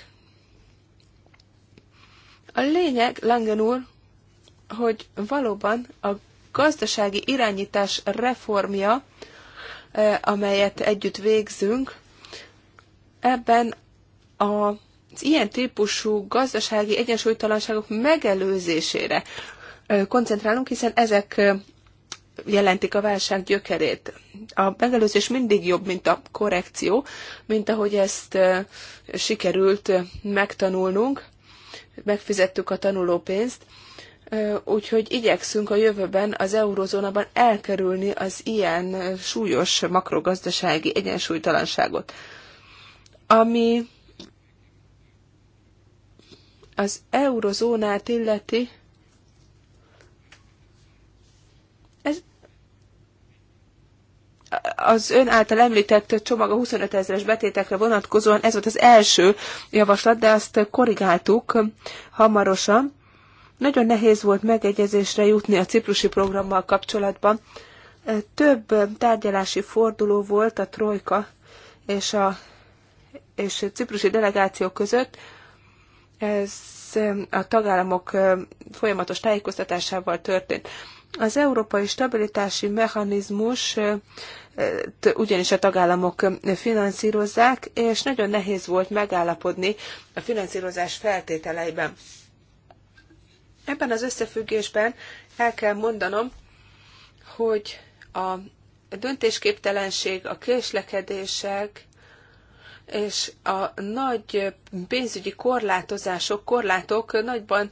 A lényeg, Langen úr, hogy valóban a gazdasági irányítás reformja, uh, amelyet együtt végzünk, ebben a az ilyen típusú gazdasági egyensúlytalanságok megelőzésére koncentrálunk, hiszen ezek jelentik a válság gyökerét. A megelőzés mindig jobb, mint a korrekció, mint ahogy ezt sikerült megtanulnunk, megfizettük a tanulópénzt, úgyhogy igyekszünk a jövőben az eurozónában elkerülni az ilyen súlyos makrogazdasági egyensúlytalanságot. Ami az eurozónát illeti, ez az ön által említett csomag a 25 ezeres betétekre vonatkozóan ez volt az első javaslat, de azt korrigáltuk hamarosan. Nagyon nehéz volt megegyezésre jutni a ciprusi programmal kapcsolatban. Több tárgyalási forduló volt a Trojka és a és a ciprusi delegáció között. Ez a tagállamok folyamatos tájékoztatásával történt. Az európai stabilitási mechanizmus ugyanis a tagállamok finanszírozzák, és nagyon nehéz volt megállapodni a finanszírozás feltételeiben. Ebben az összefüggésben el kell mondanom, hogy a döntésképtelenség, a késlekedések, és a nagy pénzügyi korlátozások, korlátok nagyban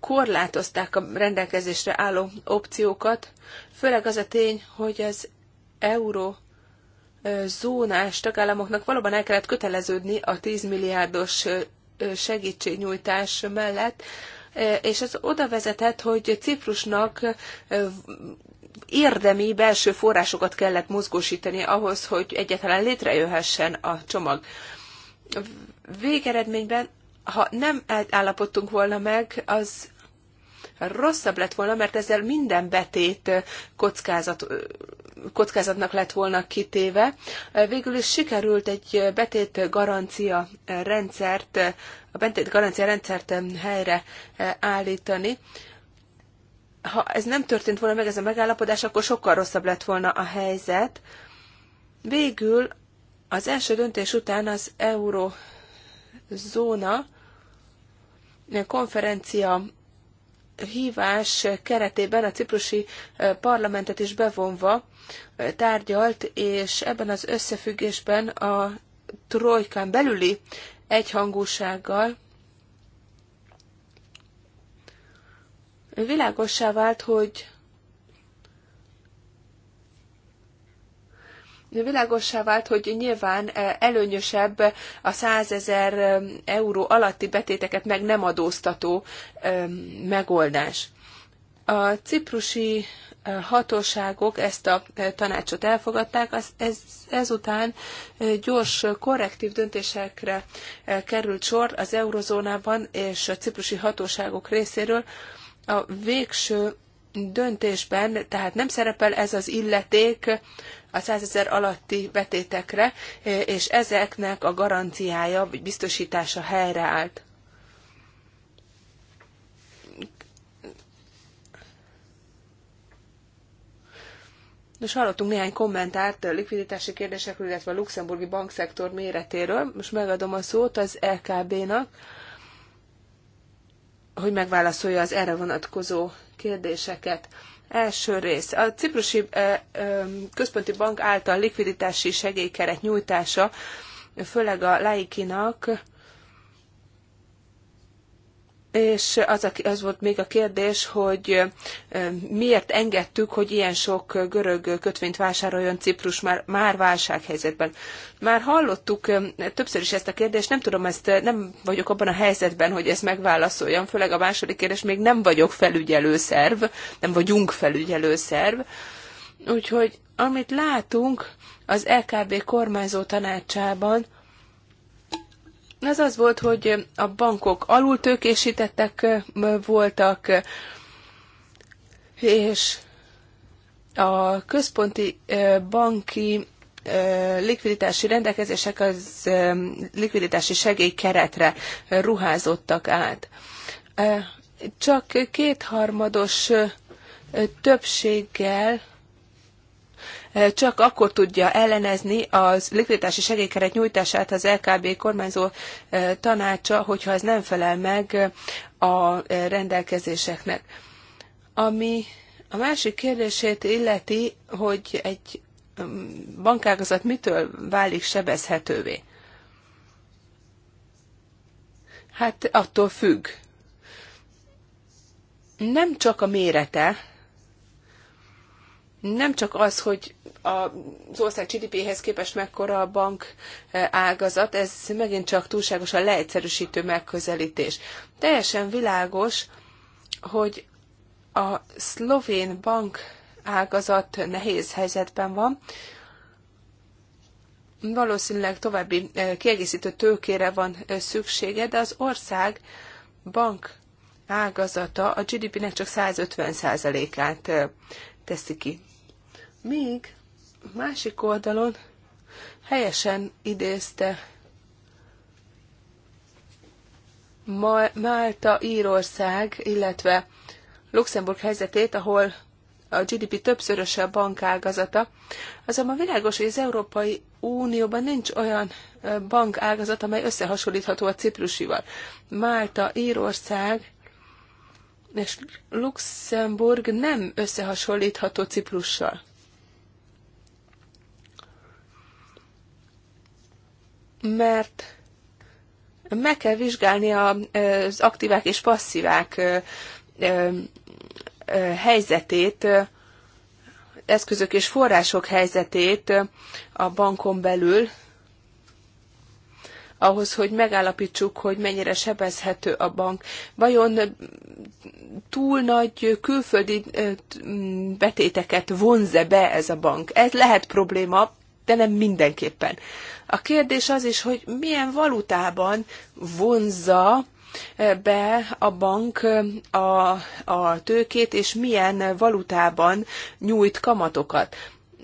korlátozták a rendelkezésre álló opciókat, főleg az a tény, hogy az euró zónás tagállamoknak valóban el kellett köteleződni a 10 milliárdos segítségnyújtás mellett, és ez oda vezetett, hogy Ciprusnak érdemi belső forrásokat kellett mozgósítani ahhoz, hogy egyáltalán létrejöhessen a csomag. Végeredményben, ha nem állapodtunk volna meg, az rosszabb lett volna, mert ezzel minden betét kockázat, kockázatnak lett volna kitéve. Végül is sikerült egy betét garancia rendszert, a betét garancia rendszert helyre állítani ha ez nem történt volna meg, ez a megállapodás, akkor sokkal rosszabb lett volna a helyzet. Végül az első döntés után az eurozóna konferencia hívás keretében a ciprusi parlamentet is bevonva tárgyalt, és ebben az összefüggésben a trojkán belüli egyhangúsággal világossá vált, hogy világossá vált, hogy nyilván eh, előnyösebb a 100 ezer eh, euró alatti betéteket meg nem adóztató eh, megoldás. A ciprusi hatóságok ezt a tanácsot elfogadták, ez, ezután gyors korrektív döntésekre került sor az eurozónában és a ciprusi hatóságok részéről, a végső döntésben, tehát nem szerepel ez az illeték a 100 ezer alatti betétekre, és ezeknek a garanciája vagy biztosítása helyreállt. Nos, hallottunk néhány kommentárt a likviditási kérdésekről, illetve a luxemburgi bankszektor méretéről. Most megadom a szót az LKB-nak e hogy megválaszolja az erre vonatkozó kérdéseket. Első rész. A Ciprusi Központi Bank által likviditási segélykeret nyújtása, főleg a laikinak, és az, a, az volt még a kérdés, hogy miért engedtük, hogy ilyen sok görög kötvényt vásároljon Ciprus már, már válsághelyzetben. Már hallottuk többször is ezt a kérdést, nem tudom, ezt nem vagyok abban a helyzetben, hogy ezt megválaszoljam, főleg a második kérdés, még nem vagyok felügyelőszerv, nem vagyunk felügyelőszerv. Úgyhogy amit látunk az LKB kormányzó tanácsában, ez az volt, hogy a bankok alultőkésítettek voltak, és a központi banki likviditási rendelkezések az likviditási segélykeretre ruházottak át. Csak kétharmados többséggel csak akkor tudja ellenezni az likviditási segélykeret nyújtását az LKB kormányzó tanácsa, hogyha ez nem felel meg a rendelkezéseknek. Ami a másik kérdését illeti, hogy egy bankágazat mitől válik sebezhetővé? Hát attól függ. Nem csak a mérete, nem csak az, hogy az ország GDP-hez képest mekkora a bank eh, ágazat, ez megint csak túlságosan leegyszerűsítő megközelítés. Teljesen világos, hogy a szlovén bank ágazat nehéz helyzetben van, valószínűleg további eh, kiegészítő tőkére van eh, szüksége, de az ország bank ágazata a GDP-nek csak 150%-át teszi ki. Míg másik oldalon helyesen idézte Málta, Írország, illetve Luxemburg helyzetét, ahol a GDP többszöröse a bankágazata. Azonban világos, hogy az Európai Unióban nincs olyan bankágazat, amely összehasonlítható a ciprusival. Málta, Írország és Luxemburg nem összehasonlítható Ciprussal. mert meg kell vizsgálni az aktívák és passzívák helyzetét, eszközök és források helyzetét a bankon belül, ahhoz, hogy megállapítsuk, hogy mennyire sebezhető a bank. Vajon túl nagy külföldi betéteket vonz-e be ez a bank? Ez lehet probléma, de nem mindenképpen. A kérdés az is, hogy milyen valutában vonzza eh, be a bank eh, a, a tőkét, és milyen valutában nyújt kamatokat.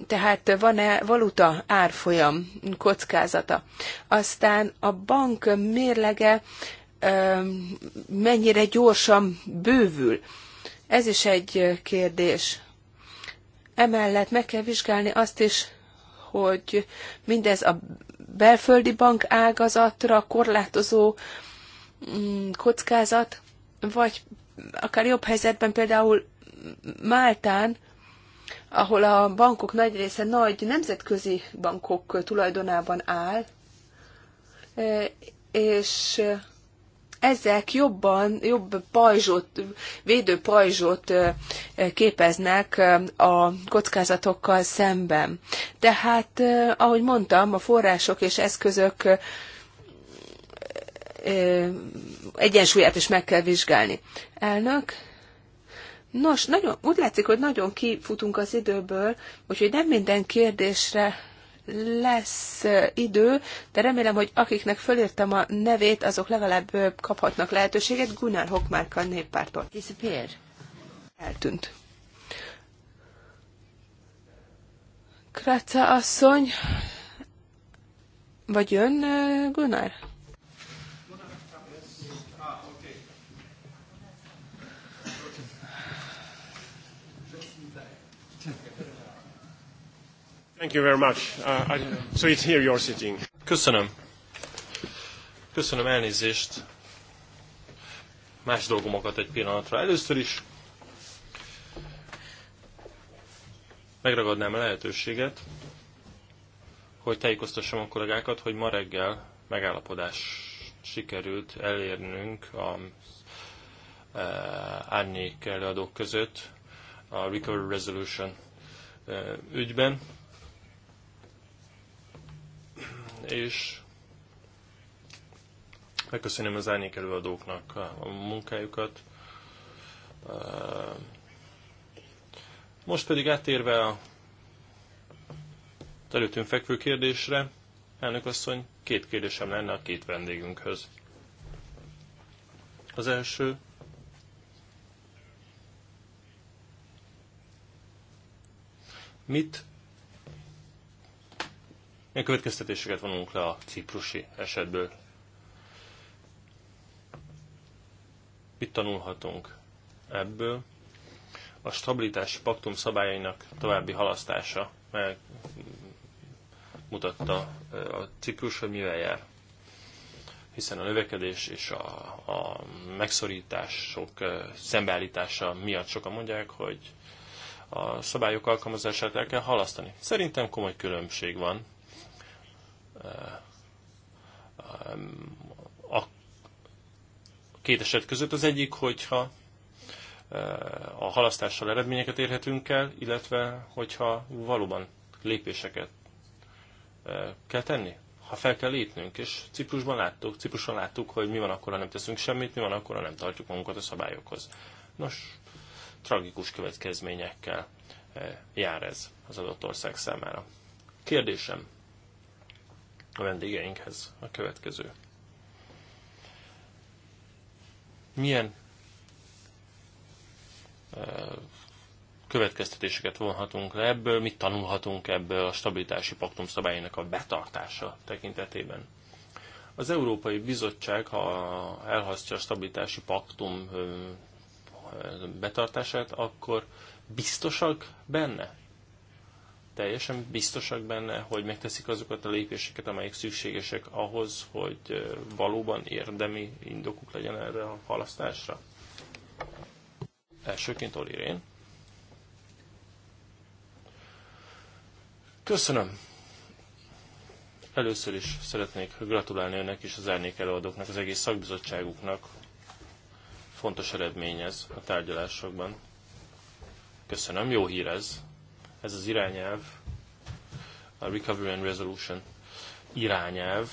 Tehát van-e valuta árfolyam kockázata? Aztán a bank mérlege eh, mennyire gyorsan bővül? Ez is egy kérdés. Emellett meg kell vizsgálni azt is, hogy mindez a belföldi bank ágazatra korlátozó mm, kockázat, vagy akár jobb helyzetben például Máltán, ahol a bankok nagy része nagy nemzetközi bankok tulajdonában áll, eh, és ezek jobban, jobb pajzsot, védő pajzsot képeznek a kockázatokkal szemben. Tehát, ahogy mondtam, a források és eszközök egyensúlyát is meg kell vizsgálni. Elnök, Nos, nagyon, úgy látszik, hogy nagyon kifutunk az időből, úgyhogy nem minden kérdésre lesz idő, de remélem, hogy akiknek fölírtam a nevét, azok legalább kaphatnak lehetőséget. Gunnar Hockmark néppártól. Disappeared. Eltűnt. Kratza asszony, vagy jön Gunnar? Thank you very much. Uh, I, so it's here you're sitting. Köszönöm. Köszönöm elnézést. Más dolgomokat egy pillanatra. Először is megragadnám a lehetőséget, hogy tájékoztassam a kollégákat, hogy ma reggel megállapodás sikerült elérnünk a e, árnyék előadók között a Recovery Resolution e, ügyben és megköszönöm az árnyék előadóknak a munkájukat. Most pedig átérve a előttünk fekvő kérdésre, elnök asszony, két kérdésem lenne a két vendégünkhöz. Az első, mit milyen következtetéseket vonunk le a ciprusi esetből? Mit tanulhatunk ebből? A stabilitási paktum szabályainak további halasztása mutatta a Ciprus, hogy mivel jár. Hiszen a növekedés és a, a megszorítások szembeállítása miatt sokan mondják, hogy a szabályok alkalmazását el kell halasztani. Szerintem komoly különbség van a két eset között. Az egyik, hogyha a halasztással eredményeket érhetünk el, illetve hogyha valóban lépéseket kell tenni, ha fel kell lépnünk, és Ciprusban láttuk, Cipruson láttuk, hogy mi van akkor, ha nem teszünk semmit, mi van akkor, ha nem tartjuk magunkat a szabályokhoz. Nos, tragikus következményekkel jár ez az adott ország számára. Kérdésem, a vendégeinkhez a következő. Milyen eh, következtetéseket vonhatunk le ebből, mit tanulhatunk ebből a stabilitási paktum szabályainak a betartása tekintetében. Az Európai Bizottság, ha elhasztja a stabilitási paktum eh, betartását, akkor biztosak benne? teljesen biztosak benne, hogy megteszik azokat a lépéseket, amelyek szükségesek ahhoz, hogy valóban érdemi indokuk legyen erre a halasztásra? Elsőként Olirén. Köszönöm. Először is szeretnék gratulálni önnek és az árnyék előadóknak, az egész szakbizottságuknak. Fontos eredmény ez a tárgyalásokban. Köszönöm, jó hír ez ez az irányelv, a Recovery and Resolution irányelv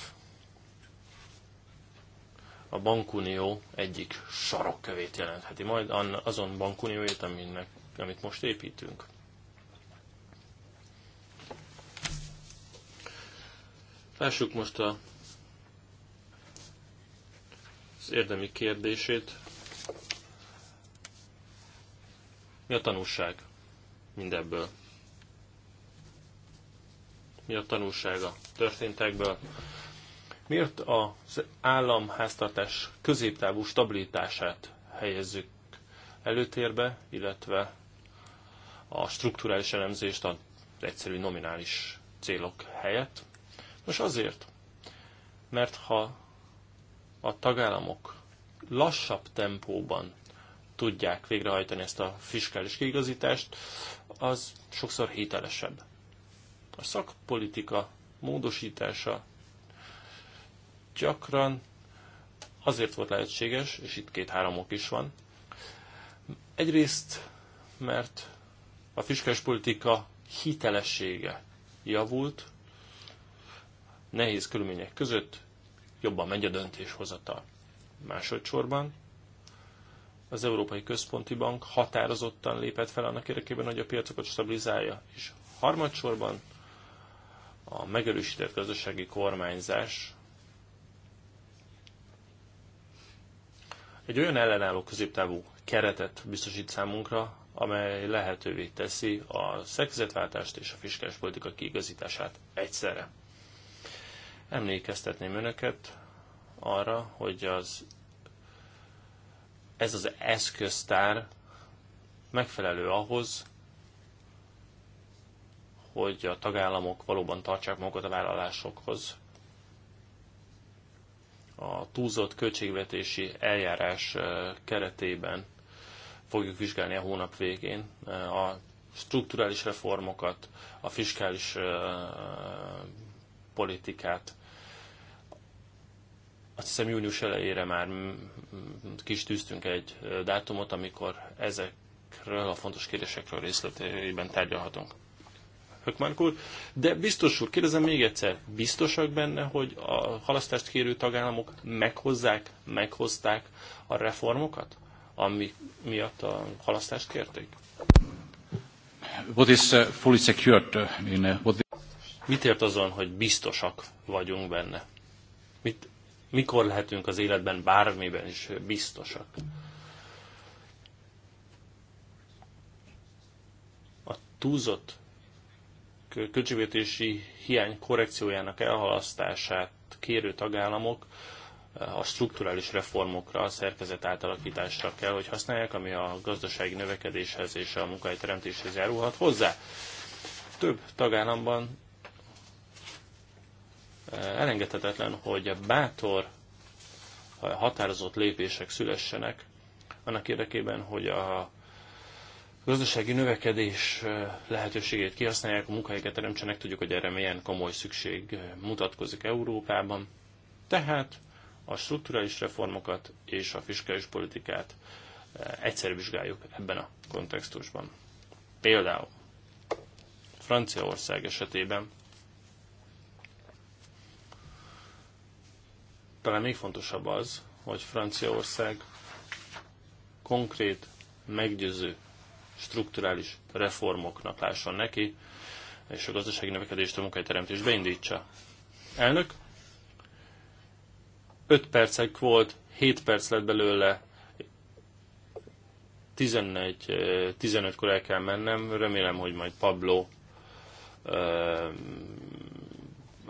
a bankunió egyik sarokkövét jelentheti, majd azon bankunióért, aminek, amit most építünk. Lássuk most a, az érdemi kérdését. Mi a tanulság mindebből? mi a tanulsága történtekből. Miért az államháztartás középtávú stabilitását helyezzük előtérbe, illetve a strukturális elemzést a egyszerű nominális célok helyett? Most azért, mert ha a tagállamok lassabb tempóban tudják végrehajtani ezt a fiskális kiigazítást, az sokszor hitelesebb. A szakpolitika módosítása gyakran azért volt lehetséges, és itt két-három ok is van. Egyrészt, mert a fiskális politika hitelessége javult, nehéz körülmények között jobban megy a döntéshozatal. Másodszorban az Európai Központi Bank határozottan lépett fel annak érdekében, hogy a piacokat stabilizálja, és harmadsorban a megerősített gazdasági kormányzás egy olyan ellenálló középtávú keretet biztosít számunkra, amely lehetővé teszi a szegzetváltást és a fiskális politika kiigazítását egyszerre. Emlékeztetném önöket arra, hogy az, ez az eszköztár megfelelő ahhoz, hogy a tagállamok valóban tartsák magukat a vállalásokhoz. A túlzott költségvetési eljárás eh, keretében fogjuk vizsgálni a hónap végén eh, a strukturális reformokat, a fiskális eh, politikát. Azt hiszem június elejére már kis tűztünk egy dátumot, amikor ezekről a fontos kérdésekről részletében tárgyalhatunk. Hökmark úr. De biztos úr, kérdezem még egyszer, biztosak benne, hogy a halasztást kérő tagállamok meghozzák, meghozták a reformokat, ami miatt a halasztást kérték? What is uh, fully secured uh, in uh, what Mit ért azon, hogy biztosak vagyunk benne? Mit, mikor lehetünk az életben bármiben is biztosak? A túlzott költségvetési hiány korrekciójának elhalasztását kérő tagállamok eh, a strukturális reformokra, a szerkezet átalakításra kell, hogy használják, ami a gazdasági növekedéshez és a munkahelyteremtéshez járulhat hozzá. Több tagállamban eh, elengedhetetlen, hogy a bátor, határozott lépések szülessenek, annak érdekében, hogy a gazdasági növekedés lehetőségét kihasználják, a munkahelyeket teremtsenek, tudjuk, hogy erre milyen komoly szükség mutatkozik Európában. Tehát a strukturális reformokat és a fiskális politikát egyszer vizsgáljuk ebben a kontextusban. Például Franciaország esetében talán még fontosabb az, hogy Franciaország konkrét, meggyőző strukturális reformoknak lásson neki, és a gazdasági növekedést a munkahelyteremtést beindítsa. Elnök, 5 percek volt, 7 perc lett belőle, 11-15-kor eh, el kell mennem, remélem, hogy majd Pablo ö, eh,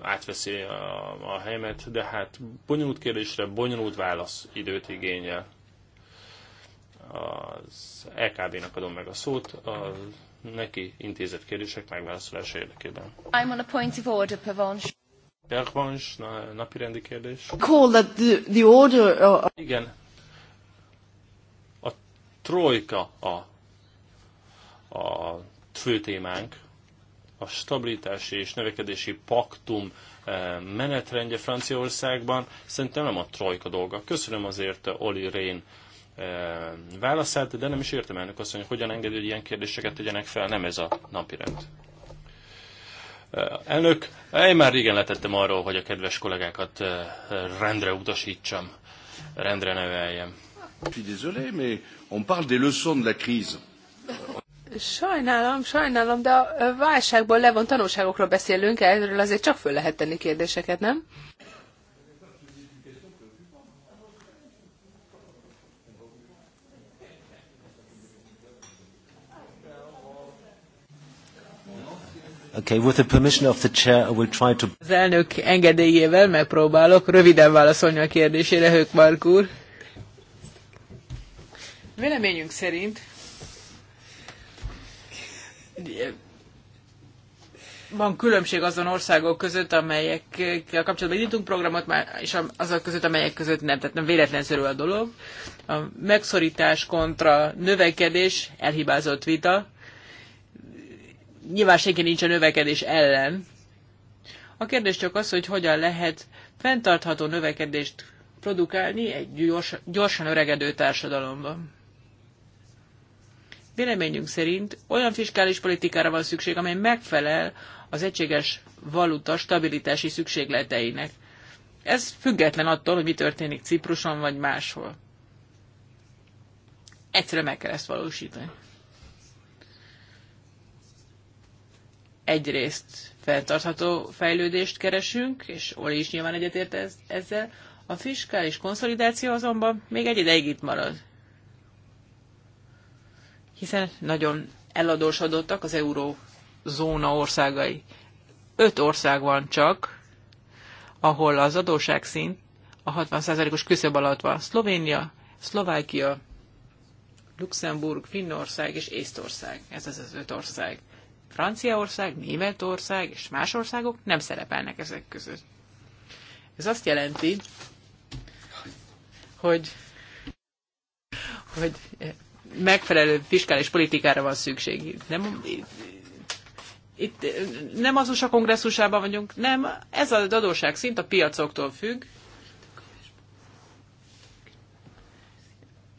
átveszi a, a helyemet, de hát bonyolult kérdésre bonyolult válasz időt igényel az lkd e nak adom meg a szót a neki intézett kérdések megválaszolása érdekében. I'm on a point of order, Pavons. Pervans, na, napirendi kérdés. Call that the, the order... Uh, uh... Igen. A trojka a, a fő témánk. A stabilitási és növekedési paktum eh, menetrendje Franciaországban szerintem nem a trojka dolga. Köszönöm azért eh, Oli Rén válaszát, de nem is értem elnök azt, hogy hogyan engedi, hogy ilyen kérdéseket tegyenek fel, nem ez a napirend. Elnök, én már régen letettem arról, hogy a kedves kollégákat rendre utasítsam, rendre neveljem. on parle des leçons de la crise. Sajnálom, sajnálom, de a válságból levon tanulságokról beszélünk, erről azért csak föl lehet tenni kérdéseket, nem? Okay, with the permission of the chair, I will try to... Az elnök engedélyével megpróbálok röviden válaszolni a kérdésére, Mark úr. Véleményünk szerint van különbség azon országok között, amelyekkel kapcsolatban indítunk programot, és azok között, amelyek között nem, tehát nem véletlenszerű a dolog. A megszorítás kontra növekedés elhibázott vita nyilván senki nincs a növekedés ellen. A kérdés csak az, hogy hogyan lehet fenntartható növekedést produkálni egy gyors, gyorsan öregedő társadalomban. Véleményünk szerint olyan fiskális politikára van szükség, amely megfelel az egységes valuta stabilitási szükségleteinek. Ez független attól, hogy mi történik Cipruson vagy máshol. Egyszerűen meg kell ezt valósítani. egyrészt fenntartható fejlődést keresünk, és Oli is nyilván egyetért ez, ezzel, a fiskális konszolidáció azonban még egy ideig itt marad. Hiszen nagyon eladósodottak az eurózóna országai. Öt ország van csak, ahol az adósságszint a 60%-os küszöb alatt van. Szlovénia, Szlovákia, Luxemburg, Finnország és Észtország. Ez az az öt ország. Franciaország, Németország és más országok nem szerepelnek ezek között. Ez azt jelenti, hogy, hogy megfelelő fiskális politikára van szükség. Nem, itt nem az USA kongresszusában vagyunk, nem, ez az adóság szint a piacoktól függ.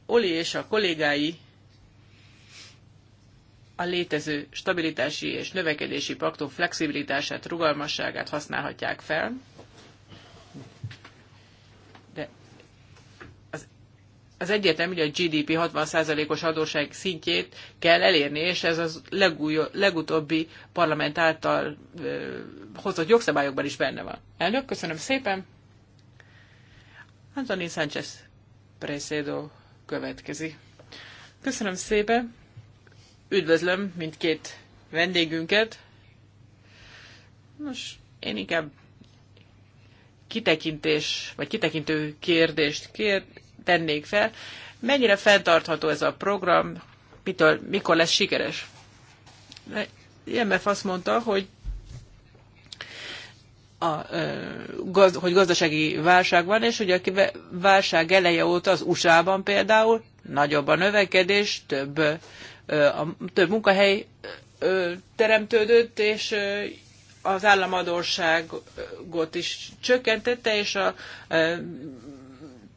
Oli és a kollégái a létező stabilitási és növekedési paktum flexibilitását, rugalmasságát használhatják fel, de az, az egyetem, hogy a GDP 60%-os adóság szintjét kell elérni, és ez az legúj, legutóbbi parlament által ö, hozott jogszabályokban is benne van. Elnök, köszönöm szépen! Antonin Sánchez Presedo következik. Köszönöm szépen! Üdvözlöm mindkét vendégünket. Nos, én inkább kitekintés, vagy kitekintő kérdést kér, tennék fel. Mennyire fenntartható ez a program, mitől, mikor lesz sikeres? IMF azt mondta, hogy a, hogy gazdasági válság van, és hogy a válság eleje óta az USA-ban például nagyobb a növekedés, több a több munkahely teremtődött, és az államadóságot is csökkentette, és a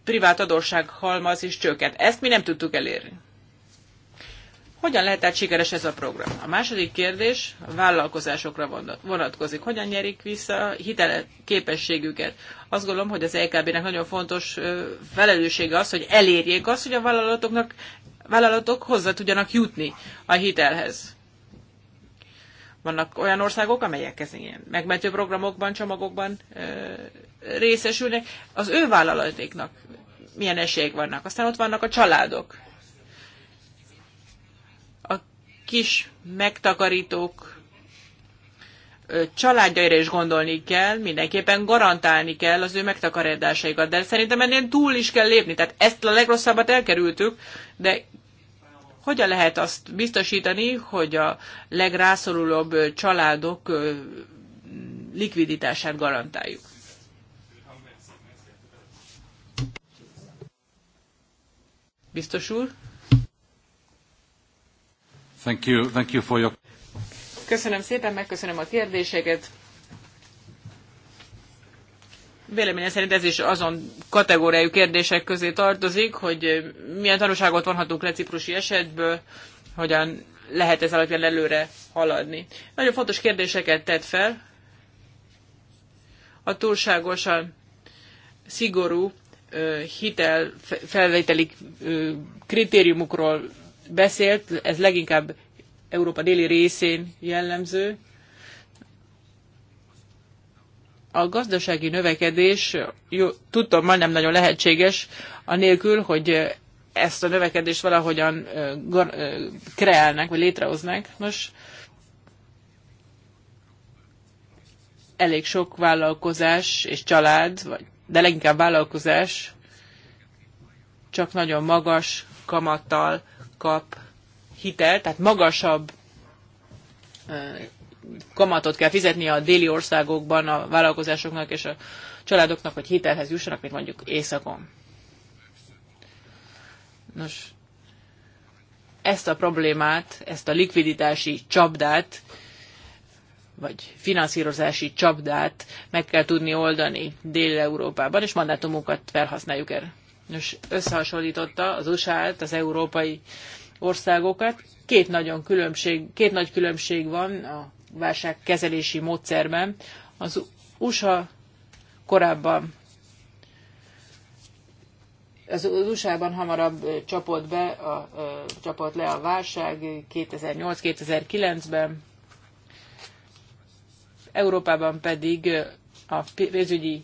privát adósság halmaz is csökkent. Ezt mi nem tudtuk elérni. Hogyan lehet tehát sikeres ez a program? A második kérdés a vállalkozásokra vonatkozik. Hogyan nyerik vissza hitele képességüket? Azt gondolom, hogy az LKB-nek e nagyon fontos felelőssége az, hogy elérjék azt, hogy a vállalatoknak vállalatok hozzá tudjanak jutni a hitelhez. Vannak olyan országok, amelyek ezen ilyen megmentő programokban, csomagokban ö, részesülnek. Az ő vállalatéknak milyen esélyek vannak. Aztán ott vannak a családok. A kis megtakarítók családjaira is gondolni kell, mindenképpen garantálni kell az ő megtakarításaikat, de szerintem ennél túl is kell lépni. Tehát ezt a legrosszabbat elkerültük, de hogyan lehet azt biztosítani, hogy a legrászorulóbb családok likviditását garantáljuk? Biztos úr? Thank you, thank you for your... Köszönöm szépen, megköszönöm a kérdéseket. Véleménye szerint ez is azon kategóriájú kérdések közé tartozik, hogy milyen tanulságot vonhatunk le ciprusi esetből, hogyan lehet ez alapján előre haladni. Nagyon fontos kérdéseket tett fel. A túlságosan szigorú hitel felvételi kritériumokról beszélt, ez leginkább Európa déli részén jellemző a gazdasági növekedés jó, tudom, nem nagyon lehetséges, anélkül, hogy ezt a növekedést valahogyan kreálnak, vagy létrehoznak. Nos, elég sok vállalkozás és család, vagy, de leginkább vállalkozás csak nagyon magas kamattal kap hitelt, tehát magasabb kamatot kell fizetni a déli országokban a vállalkozásoknak és a családoknak, hogy hitelhez jussanak, mint mondjuk északon. Nos, ezt a problémát, ezt a likviditási csapdát, vagy finanszírozási csapdát meg kell tudni oldani Dél-Európában, és mandátumunkat felhasználjuk erre. Nos, összehasonlította az usa az európai országokat. Két, nagyon különbség, két nagy különbség van a válság kezelési módszerben. Az USA korábban az USA-ban hamarabb csapott, be a, csapott le a válság 2008-2009-ben, Európában pedig a pénzügyi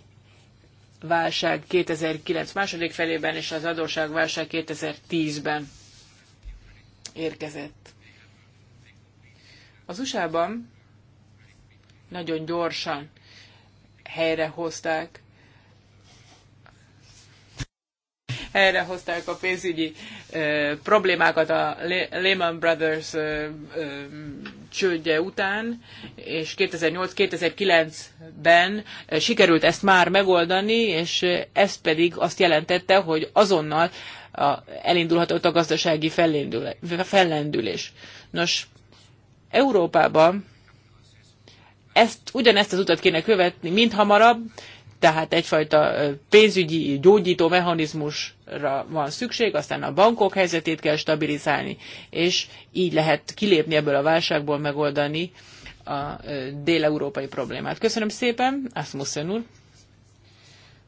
válság 2009 második felében és az adósságválság 2010-ben érkezett. Az USA-ban nagyon gyorsan helyrehozták helyrehozták a pénzügyi ö, problémákat a Lehman Brothers ö, ö, csődje után, és 2008-2009-ben sikerült ezt már megoldani, és ez pedig azt jelentette, hogy azonnal a, elindulhatott a gazdasági fellendülés. Nos, Európában ezt, ugyanezt az utat kéne követni mint hamarabb, tehát egyfajta pénzügyi gyógyító mechanizmusra van szükség, aztán a bankok helyzetét kell stabilizálni, és így lehet kilépni ebből a válságból, megoldani a déleurópai problémát. Köszönöm szépen, Asmussen úr.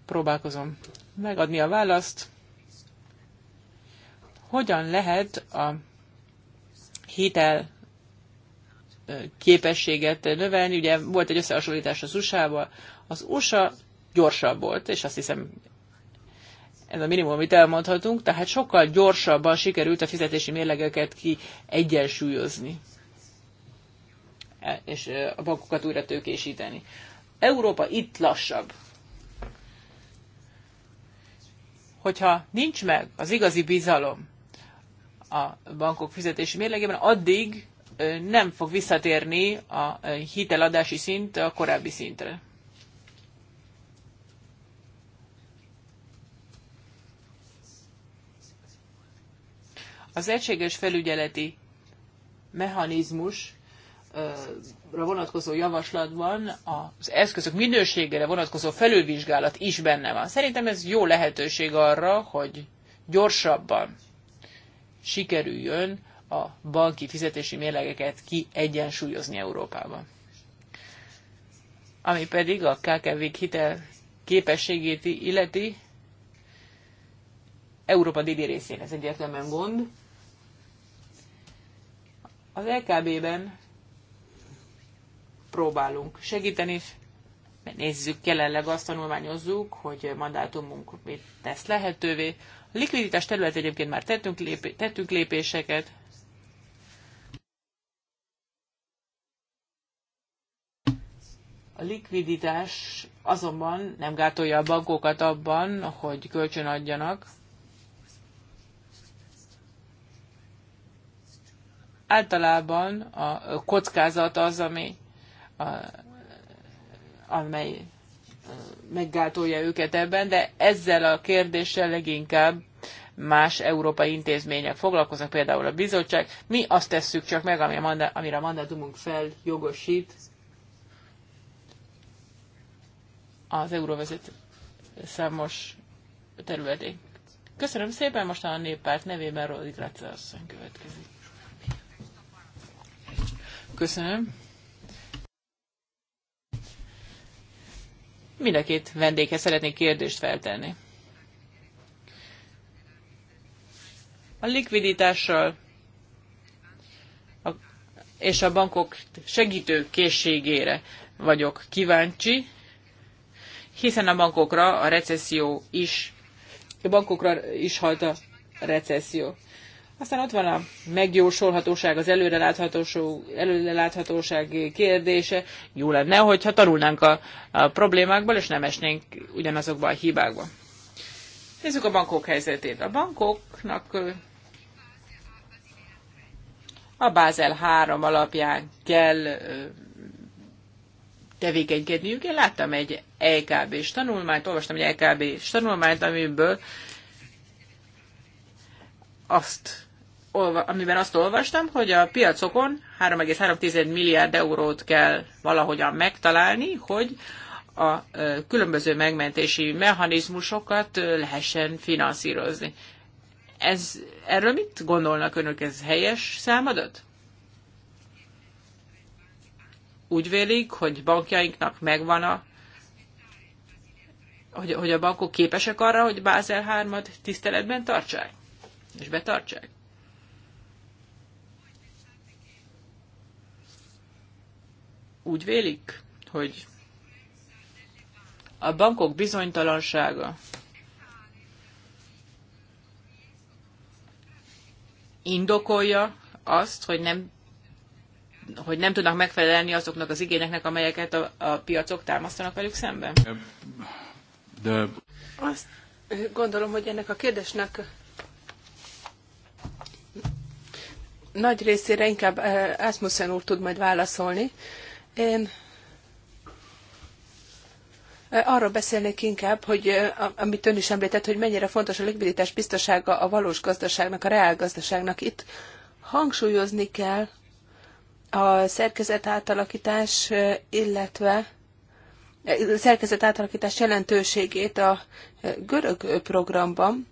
Próbálkozom megadni a választ. Hogyan lehet a hitel képességet növelni. Ugye volt egy összehasonlítás az USA-val. Az USA gyorsabb volt, és azt hiszem ez a minimum, amit elmondhatunk, tehát sokkal gyorsabban sikerült a fizetési mérlegeket ki egyensúlyozni és a bankokat újra tőkésíteni. Európa itt lassabb. Hogyha nincs meg az igazi bizalom a bankok fizetési mérlegében, addig nem fog visszatérni a hiteladási szint a korábbi szintre. Az egységes felügyeleti mechanizmusra vonatkozó javaslatban az eszközök minőségére vonatkozó felülvizsgálat is benne van. Szerintem ez jó lehetőség arra, hogy gyorsabban sikerüljön a banki fizetési mérlegeket kiegyensúlyozni Európában. Ami pedig a kkv hitel képességét illeti, Európa déli részén ez egyértelműen gond. Az LKB-ben próbálunk segíteni, nézzük jelenleg azt tanulmányozzuk, hogy mandátumunk mit tesz lehetővé. A likviditás terület egyébként már tettünk, lépé, tettünk lépéseket, A likviditás azonban nem gátolja a bankokat abban, hogy kölcsön adjanak. Általában a kockázat az, ami, a, amely meggátolja őket ebben, de ezzel a kérdéssel leginkább más európai intézmények foglalkoznak, például a bizottság. Mi azt tesszük csak meg, amire a mandátumunk feljogosít. az euróvezet számos területén. Köszönöm szépen, most a néppárt nevében Rodi Grácia asszony következik. Köszönöm. Mind a két vendéghez szeretnék kérdést feltenni. A likviditással és a bankok segítő készségére vagyok kíváncsi hiszen a bankokra a recesszió is, a bankokra is halt a recesszió. Aztán ott van a megjósolhatóság, az előreláthatóság kérdése. Jó lenne, hogyha tanulnánk a, a problémákból, és nem esnénk ugyanazokba a hibákba. Nézzük a bankok helyzetét. A bankoknak a Bázel 3 alapján kell tevékenykedniük. Én láttam egy LKB-s e tanulmányt, olvastam egy LKB-s e tanulmányt, amiből azt, amiben azt olvastam, hogy a piacokon 3,3 milliárd eurót kell valahogyan megtalálni, hogy a különböző megmentési mechanizmusokat lehessen finanszírozni. Ez, erről mit gondolnak önök, ez helyes számadat? úgy vélik, hogy bankjainknak megvan a hogy, hogy a bankok képesek arra, hogy Bázel 3-at tiszteletben tartsák, és betartsák. Úgy vélik, hogy a bankok bizonytalansága indokolja azt, hogy nem hogy nem tudnak megfelelni azoknak az igényeknek, amelyeket a, a piacok támasztanak velük szemben? De... Azt gondolom, hogy ennek a kérdésnek nagy részére inkább eh, Asmussen úr tud majd válaszolni. Én eh, arról beszélnék inkább, hogy eh, amit ön is említett, hogy mennyire fontos a likviditás biztonsága a valós gazdaságnak, a reál gazdaságnak. Itt hangsúlyozni kell, a szerkezet átalakítás, illetve a szerkezet átalakítás jelentőségét a görög programban.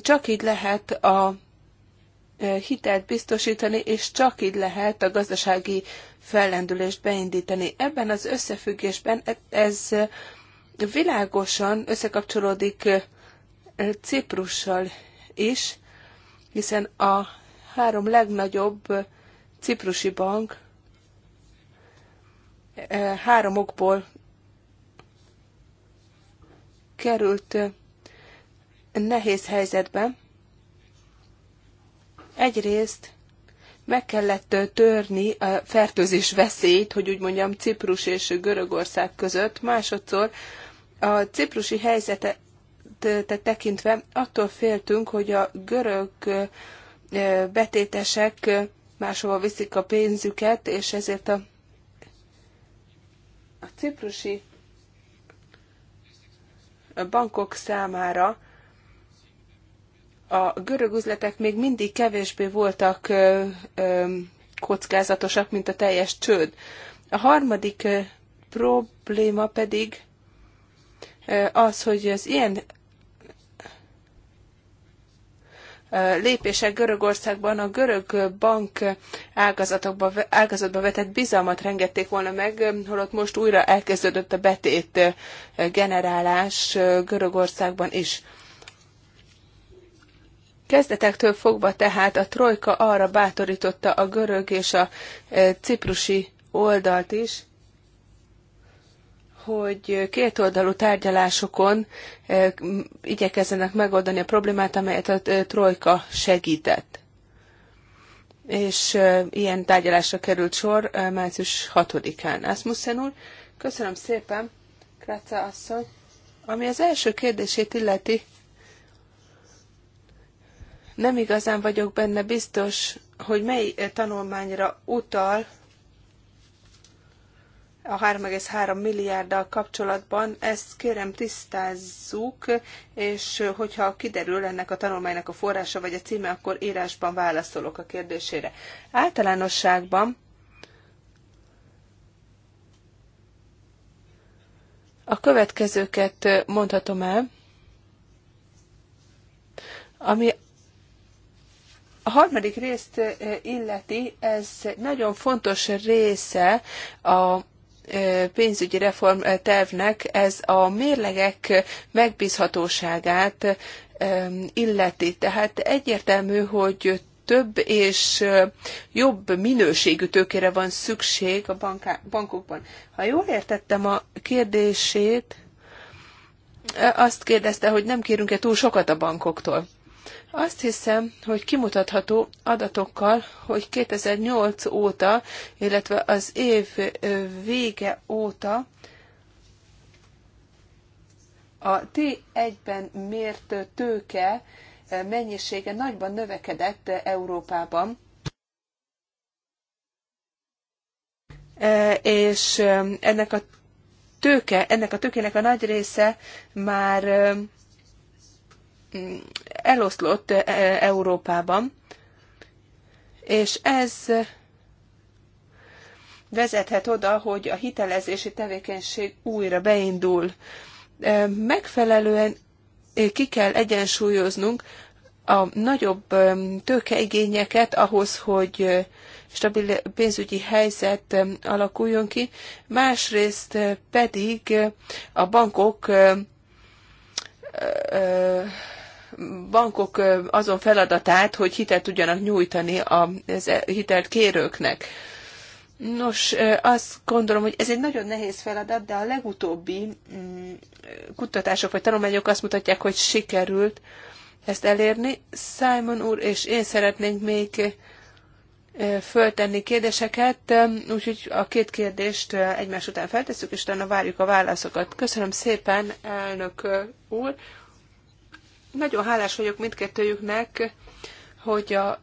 Csak így lehet a hitelt biztosítani, és csak így lehet a gazdasági fellendülést beindítani. Ebben az összefüggésben e-, ez világosan összekapcsolódik Ciprussal is, hiszen a három legnagyobb ciprusi bank eh, három okból került eh, nehéz helyzetbe. Egyrészt meg kellett eh, törni a fertőzés veszélyt, hogy úgy mondjam, Ciprus és Görögország között. Másodszor a ciprusi helyzetet tekintve attól féltünk, hogy a görög betétesek máshova viszik a pénzüket, és ezért a, a ciprusi bankok számára a görög üzletek még mindig kevésbé voltak ö, ö, kockázatosak, mint a teljes csőd. A harmadik probléma pedig az, hogy az ilyen lépések Görögországban a görög bank ágazatokba, ágazatba vetett bizalmat rengették volna meg, holott most újra elkezdődött a betét generálás Görögországban is. Kezdetektől fogva tehát a trojka arra bátorította a görög és a ciprusi oldalt is, hogy kétoldalú tárgyalásokon igyekezzenek megoldani a problémát, amelyet a trojka segített. És ilyen tárgyalásra került sor március 6-án. Asmussen úr, köszönöm szépen, Kráca asszony. Ami az első kérdését illeti, nem igazán vagyok benne biztos, hogy mely tanulmányra utal, a 3,3 milliárddal kapcsolatban. Ezt kérem tisztázzuk, és hogyha kiderül ennek a tanulmánynak a forrása vagy a címe, akkor írásban válaszolok a kérdésére. Általánosságban a következőket mondhatom el, ami a harmadik részt illeti, ez nagyon fontos része a pénzügyi reform tervnek ez a mérlegek megbízhatóságát illeti. Tehát egyértelmű, hogy több és jobb minőségű tőkére van szükség a banká- bankokban. Ha jól értettem a kérdését, azt kérdezte, hogy nem kérünk-e túl sokat a bankoktól. Azt hiszem, hogy kimutatható adatokkal, hogy 2008 óta, illetve az év vége óta a T1-ben mért tőke mennyisége nagyban növekedett Európában. És ennek a tőke, ennek a tőkének a nagy része már eloszlott e, e, Európában, és ez vezethet oda, hogy a hitelezési tevékenység újra beindul. E, megfelelően ki kell egyensúlyoznunk a nagyobb tőkeigényeket ahhoz, hogy stabil pénzügyi helyzet alakuljon ki, másrészt pedig a bankok bankok azon feladatát, hogy hitelt tudjanak nyújtani a e, hitelt kérőknek. Nos, azt gondolom, hogy ez egy nagyon nehéz feladat, de a legutóbbi mm, kutatások vagy tanulmányok azt mutatják, hogy sikerült ezt elérni. Simon úr és én szeretnénk még föltenni kérdéseket, úgyhogy a két kérdést egymás után feltesszük, és utána várjuk a válaszokat. Köszönöm szépen, elnök úr! Nagyon hálás vagyok mindkettőjüknek, hogy a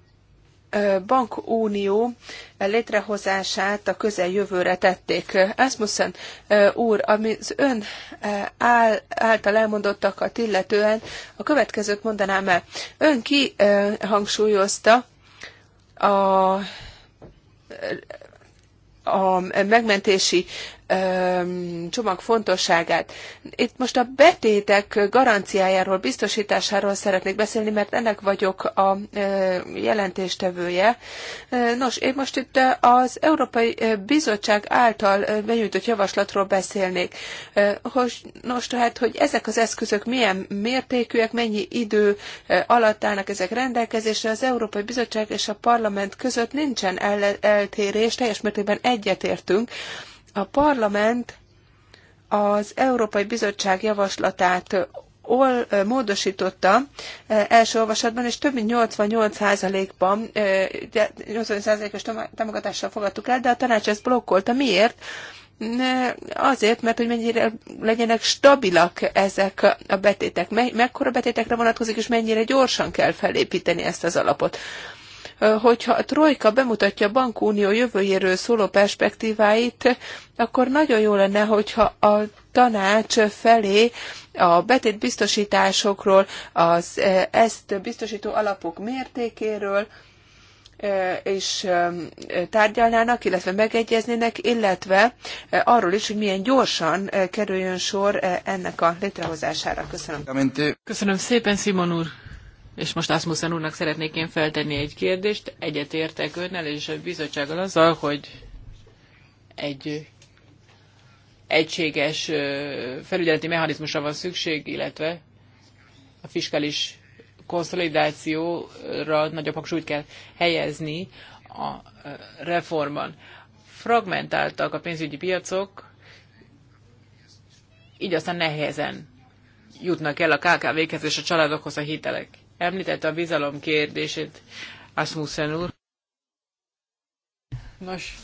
bankunió létrehozását a közeljövőre tették. Asmussen úr, ami az ön által elmondottakat illetően a következőt mondanám el. Ön ki hangsúlyozta a a megmentési csomag fontosságát. Itt most a betétek garanciájáról, biztosításáról szeretnék beszélni, mert ennek vagyok a jelentéstevője. Nos, én most itt az Európai Bizottság által benyújtott javaslatról beszélnék. Nos, tehát, hogy ezek az eszközök milyen mértékűek, mennyi idő alatt állnak ezek rendelkezésre, az Európai Bizottság és a Parlament között nincsen el- eltérés, teljes mértékben egyetértünk a parlament az Európai Bizottság javaslatát ol, módosította első olvasatban, és több mint 88%-ban, 88%-os támogatással fogadtuk el, de a tanács ezt blokkolta. Miért? Azért, mert hogy mennyire legyenek stabilak ezek a betétek, mekkora betétekre vonatkozik, és mennyire gyorsan kell felépíteni ezt az alapot hogyha a Trojka bemutatja a bankunió jövőjéről szóló perspektíváit, akkor nagyon jó lenne, hogyha a tanács felé a betétbiztosításokról, az e, ezt biztosító alapok mértékéről, e, és e, tárgyalnának, illetve megegyeznének, illetve arról is, hogy milyen gyorsan kerüljön sor ennek a létrehozására. Köszönöm. Köszönöm szépen, Simon úr és most Asmussen úrnak szeretnék én feltenni egy kérdést. értek önnel és a bizottsággal azzal, hogy egy egységes felügyeleti mechanizmusra van szükség, illetve a fiskális konszolidációra nagyobb hangsúlyt kell helyezni a reformban. Fragmentáltak a pénzügyi piacok, így aztán nehezen jutnak el a KKV-khez és a családokhoz a hitelek. Említette a bizalom kérdését Asmussen úr. Nos,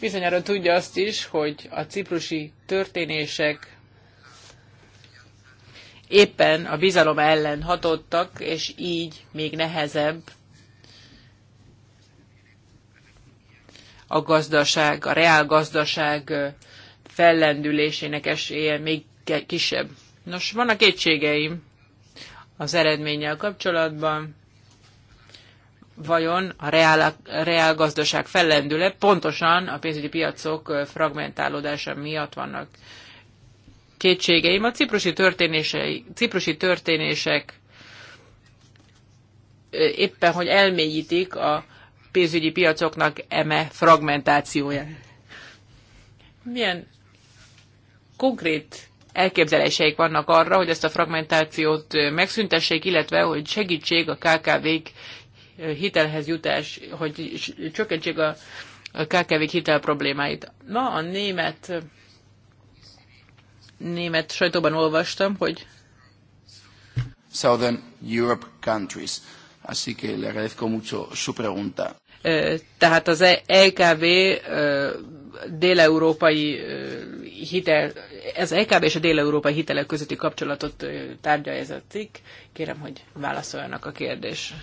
bizonyára tudja azt is, hogy a ciprusi történések éppen a bizalom ellen hatottak, és így még nehezebb a gazdaság, a reál gazdaság fellendülésének esélye még kisebb. Nos, vannak kétségeim az eredménnyel kapcsolatban. Vajon a reál, a reál gazdaság fellendüle pontosan a pénzügyi piacok fragmentálódása miatt vannak kétségeim. A ciprusi, ciprusi történések éppen, hogy elmélyítik a pénzügyi piacoknak eme fragmentációja. Milyen konkrét elképzeléseik vannak arra, hogy ezt a fragmentációt megszüntessék, illetve hogy segítség a KKV-k hitelhez jutás, hogy csökkentsék a KKV-k hitel problémáit. Ma a német német sajtóban olvastam, hogy Southern Europe countries. Así que le agradezco mucho su pregunta. Tehát az EKB e dél-európai hitel az EKB és a dél-európai hitelek közötti kapcsolatot tárgya ez a cikk. Kérem, hogy válaszoljanak a kérdés.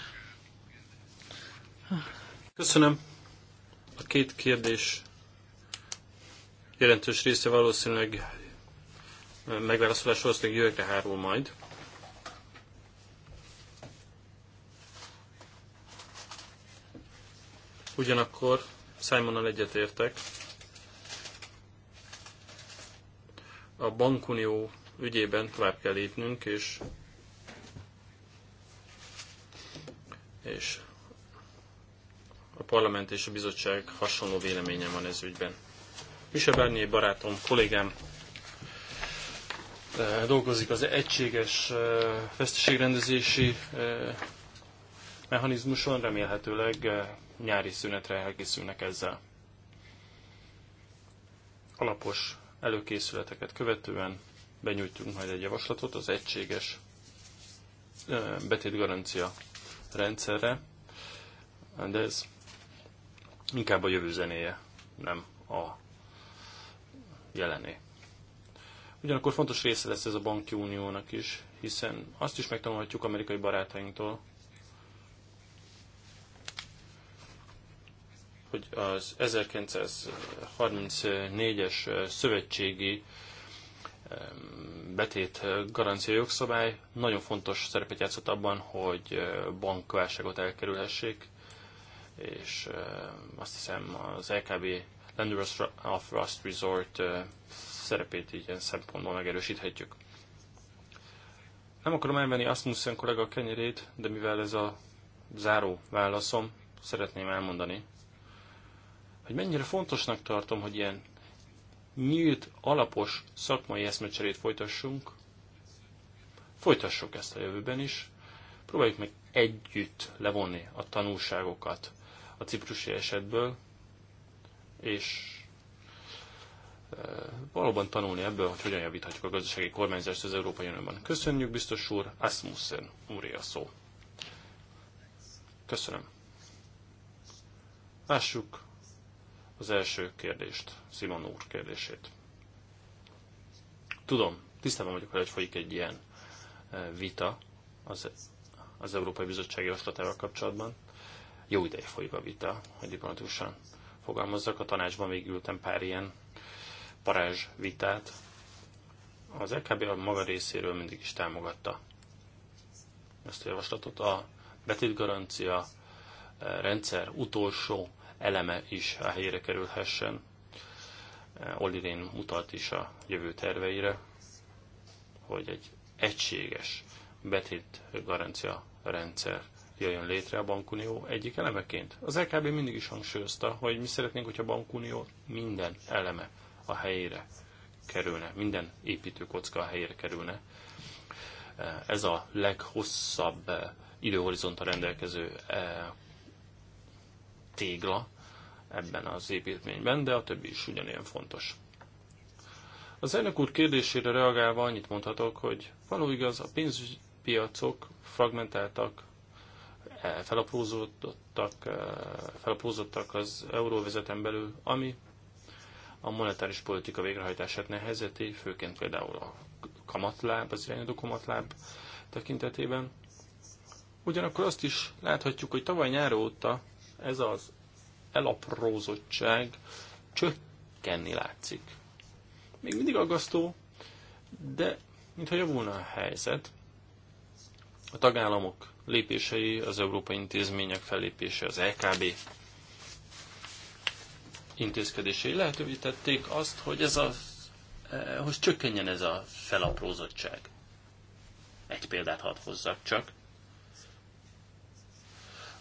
Köszönöm. A két kérdés jelentős része valószínűleg megválaszolás valószínűleg jövőkre hárul majd. Ugyanakkor Simonnal egyetértek, a bankunió ügyében tovább kell lépnünk, és, és a parlament és a bizottság hasonló véleménye van ez ügyben. Michel barátom, kollégám eh, dolgozik az egységes eh, veszteségrendezési eh, mechanizmuson, remélhetőleg nyári szünetre elkészülnek ezzel. Alapos előkészületeket követően benyújtunk majd egy javaslatot az egységes betétgarancia rendszerre, de ez inkább a jövő zenéje, nem a jelené. Ugyanakkor fontos része lesz ez a banki uniónak is, hiszen azt is megtanulhatjuk amerikai barátainktól, hogy az 1934-es szövetségi betét garancia jogszabály nagyon fontos szerepet játszott abban, hogy bankválságot elkerülhessék, és azt hiszem az LKB Lenders of Rust Resort szerepét így ilyen szempontból megerősíthetjük. Nem akarom elvenni Asmussen kollega kenyerét, de mivel ez a záró válaszom, szeretném elmondani, hogy mennyire fontosnak tartom, hogy ilyen nyílt, alapos szakmai eszmecserét folytassunk. Folytassuk ezt a jövőben is. Próbáljuk meg együtt levonni a tanulságokat a ciprusi esetből, és e, valóban tanulni ebből, hogy hogyan javíthatjuk a gazdasági kormányzást az Európai Unióban. Köszönjük, biztos úr, Asmussen úr a szó. Köszönöm. Lássuk az első kérdést, Simon úr kérdését. Tudom, tisztában vagyok, hogy folyik egy ilyen e, vita az, az Európai Bizottság javaslatával kapcsolatban. Jó ideje folyik a vita, hogy diplomatikusan fogalmazzak. A tanácsban még ültem pár ilyen parázs vitát. Az LKB a maga részéről mindig is támogatta ezt a javaslatot. A betétgarancia e, rendszer utolsó eleme is a helyére kerülhessen. Olirén mutat is a jövő terveire, hogy egy egységes betét garancia rendszer jöjjön létre a bankunió egyik elemeként. Az LKB mindig is hangsúlyozta, hogy mi szeretnénk, hogy a bankunió minden eleme a helyére kerülne, minden építőkocka a helyére kerülne. Ez a leghosszabb eh, időhorizonta rendelkező eh, tégla ebben az építményben, de a többi is ugyanilyen fontos. Az elnök úr kérdésére reagálva annyit mondhatok, hogy való igaz, a pénzpiacok fragmentáltak, eh, felaprózódottak, eh, felaprózódtak az euróvezeten belül, ami a monetáris politika végrehajtását nehezeti, főként például a kamatláb, az irányadó kamatláb tekintetében. Ugyanakkor azt is láthatjuk, hogy tavaly nyár óta ez az elaprózottság csökkenni látszik. Még mindig aggasztó, de mintha javulna a helyzet, a tagállamok lépései, az európai intézmények fellépése, az LKB intézkedései lehetővé tették azt, hogy ez a, eh, hogy csökkenjen ez a felaprózottság. Egy példát hadd hozzak csak.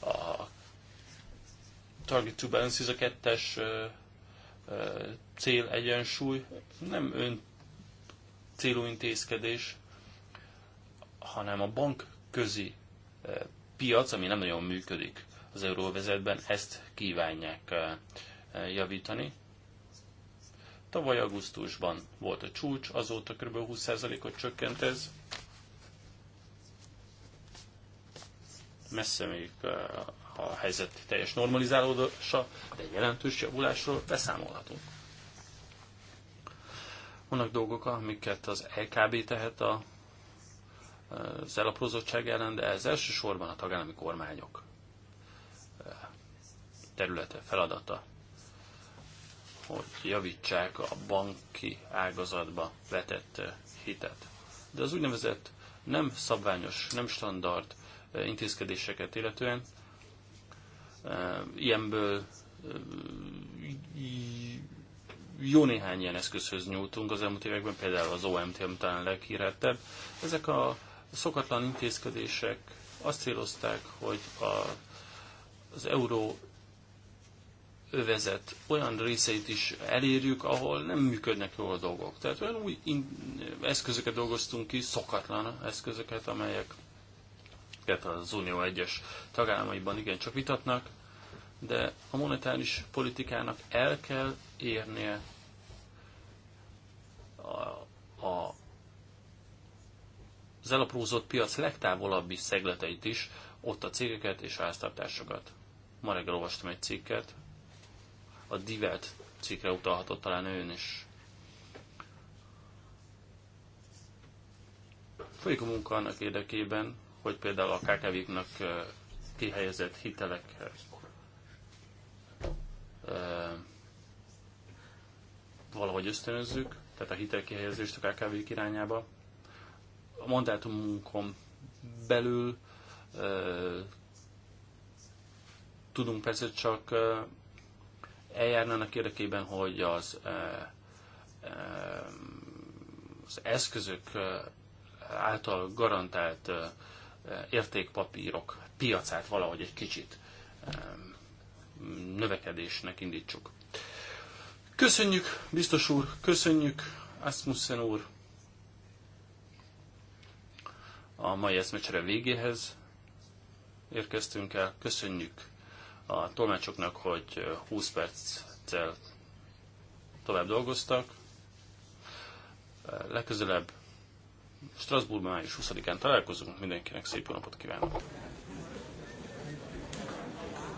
A target to balance, ez a kettes cél egyensúly nem ön célú intézkedés, hanem a bank közi piac, ami nem nagyon működik az euróvezetben, ezt kívánják javítani. Tavaly augusztusban volt a csúcs, azóta kb. 20%-ot csökkent ez. Messze még a helyzet teljes normalizálódása, de egy jelentős javulásról beszámolhatunk. Vannak dolgok, amiket az LKB tehet a, az elaprózottság ellen, de ez elsősorban a tagállami kormányok eh, területe, feladata, hogy javítsák a banki ágazatba vetett eh, hitet. De az úgynevezett nem szabványos, nem standard eh, intézkedéseket illetően ilyenből jó néhány ilyen eszközhöz nyújtunk az elmúlt években, például az OMT, ami talán leghírettebb. Ezek a szokatlan intézkedések azt célozták, hogy a, az euró övezet olyan részeit is elérjük, ahol nem működnek jól a dolgok. Tehát olyan új eszközöket dolgoztunk ki, szokatlan eszközöket, amelyek amiket az Unió egyes tagállamaiban igencsak vitatnak, de a monetáris politikának el kell érnie a, a, az elaprózott piac legtávolabbi szegleteit is, ott a cégeket és a háztartásokat. Ma reggel olvastam egy cikket, a Divelt cikkre utalhatott talán ön is. Folyik a munka annak érdekében, hogy például a KKV-knak kihelyezett hitelek valahogy ösztönözzük, tehát a kihelyezést a kkv irányába. A mandátumunkon belül tudunk persze csak eljárni annak érdekében, hogy az, az eszközök által garantált értékpapírok piacát valahogy egy kicsit növekedésnek indítsuk. Köszönjük, biztos úr, köszönjük, Asmussen úr. A mai eszmecsere végéhez érkeztünk el. Köszönjük a tolmácsoknak, hogy 20 perccel tovább dolgoztak. Legközelebb Strasbourgban május 20-án találkozunk, mindenkinek szép napot kívánok!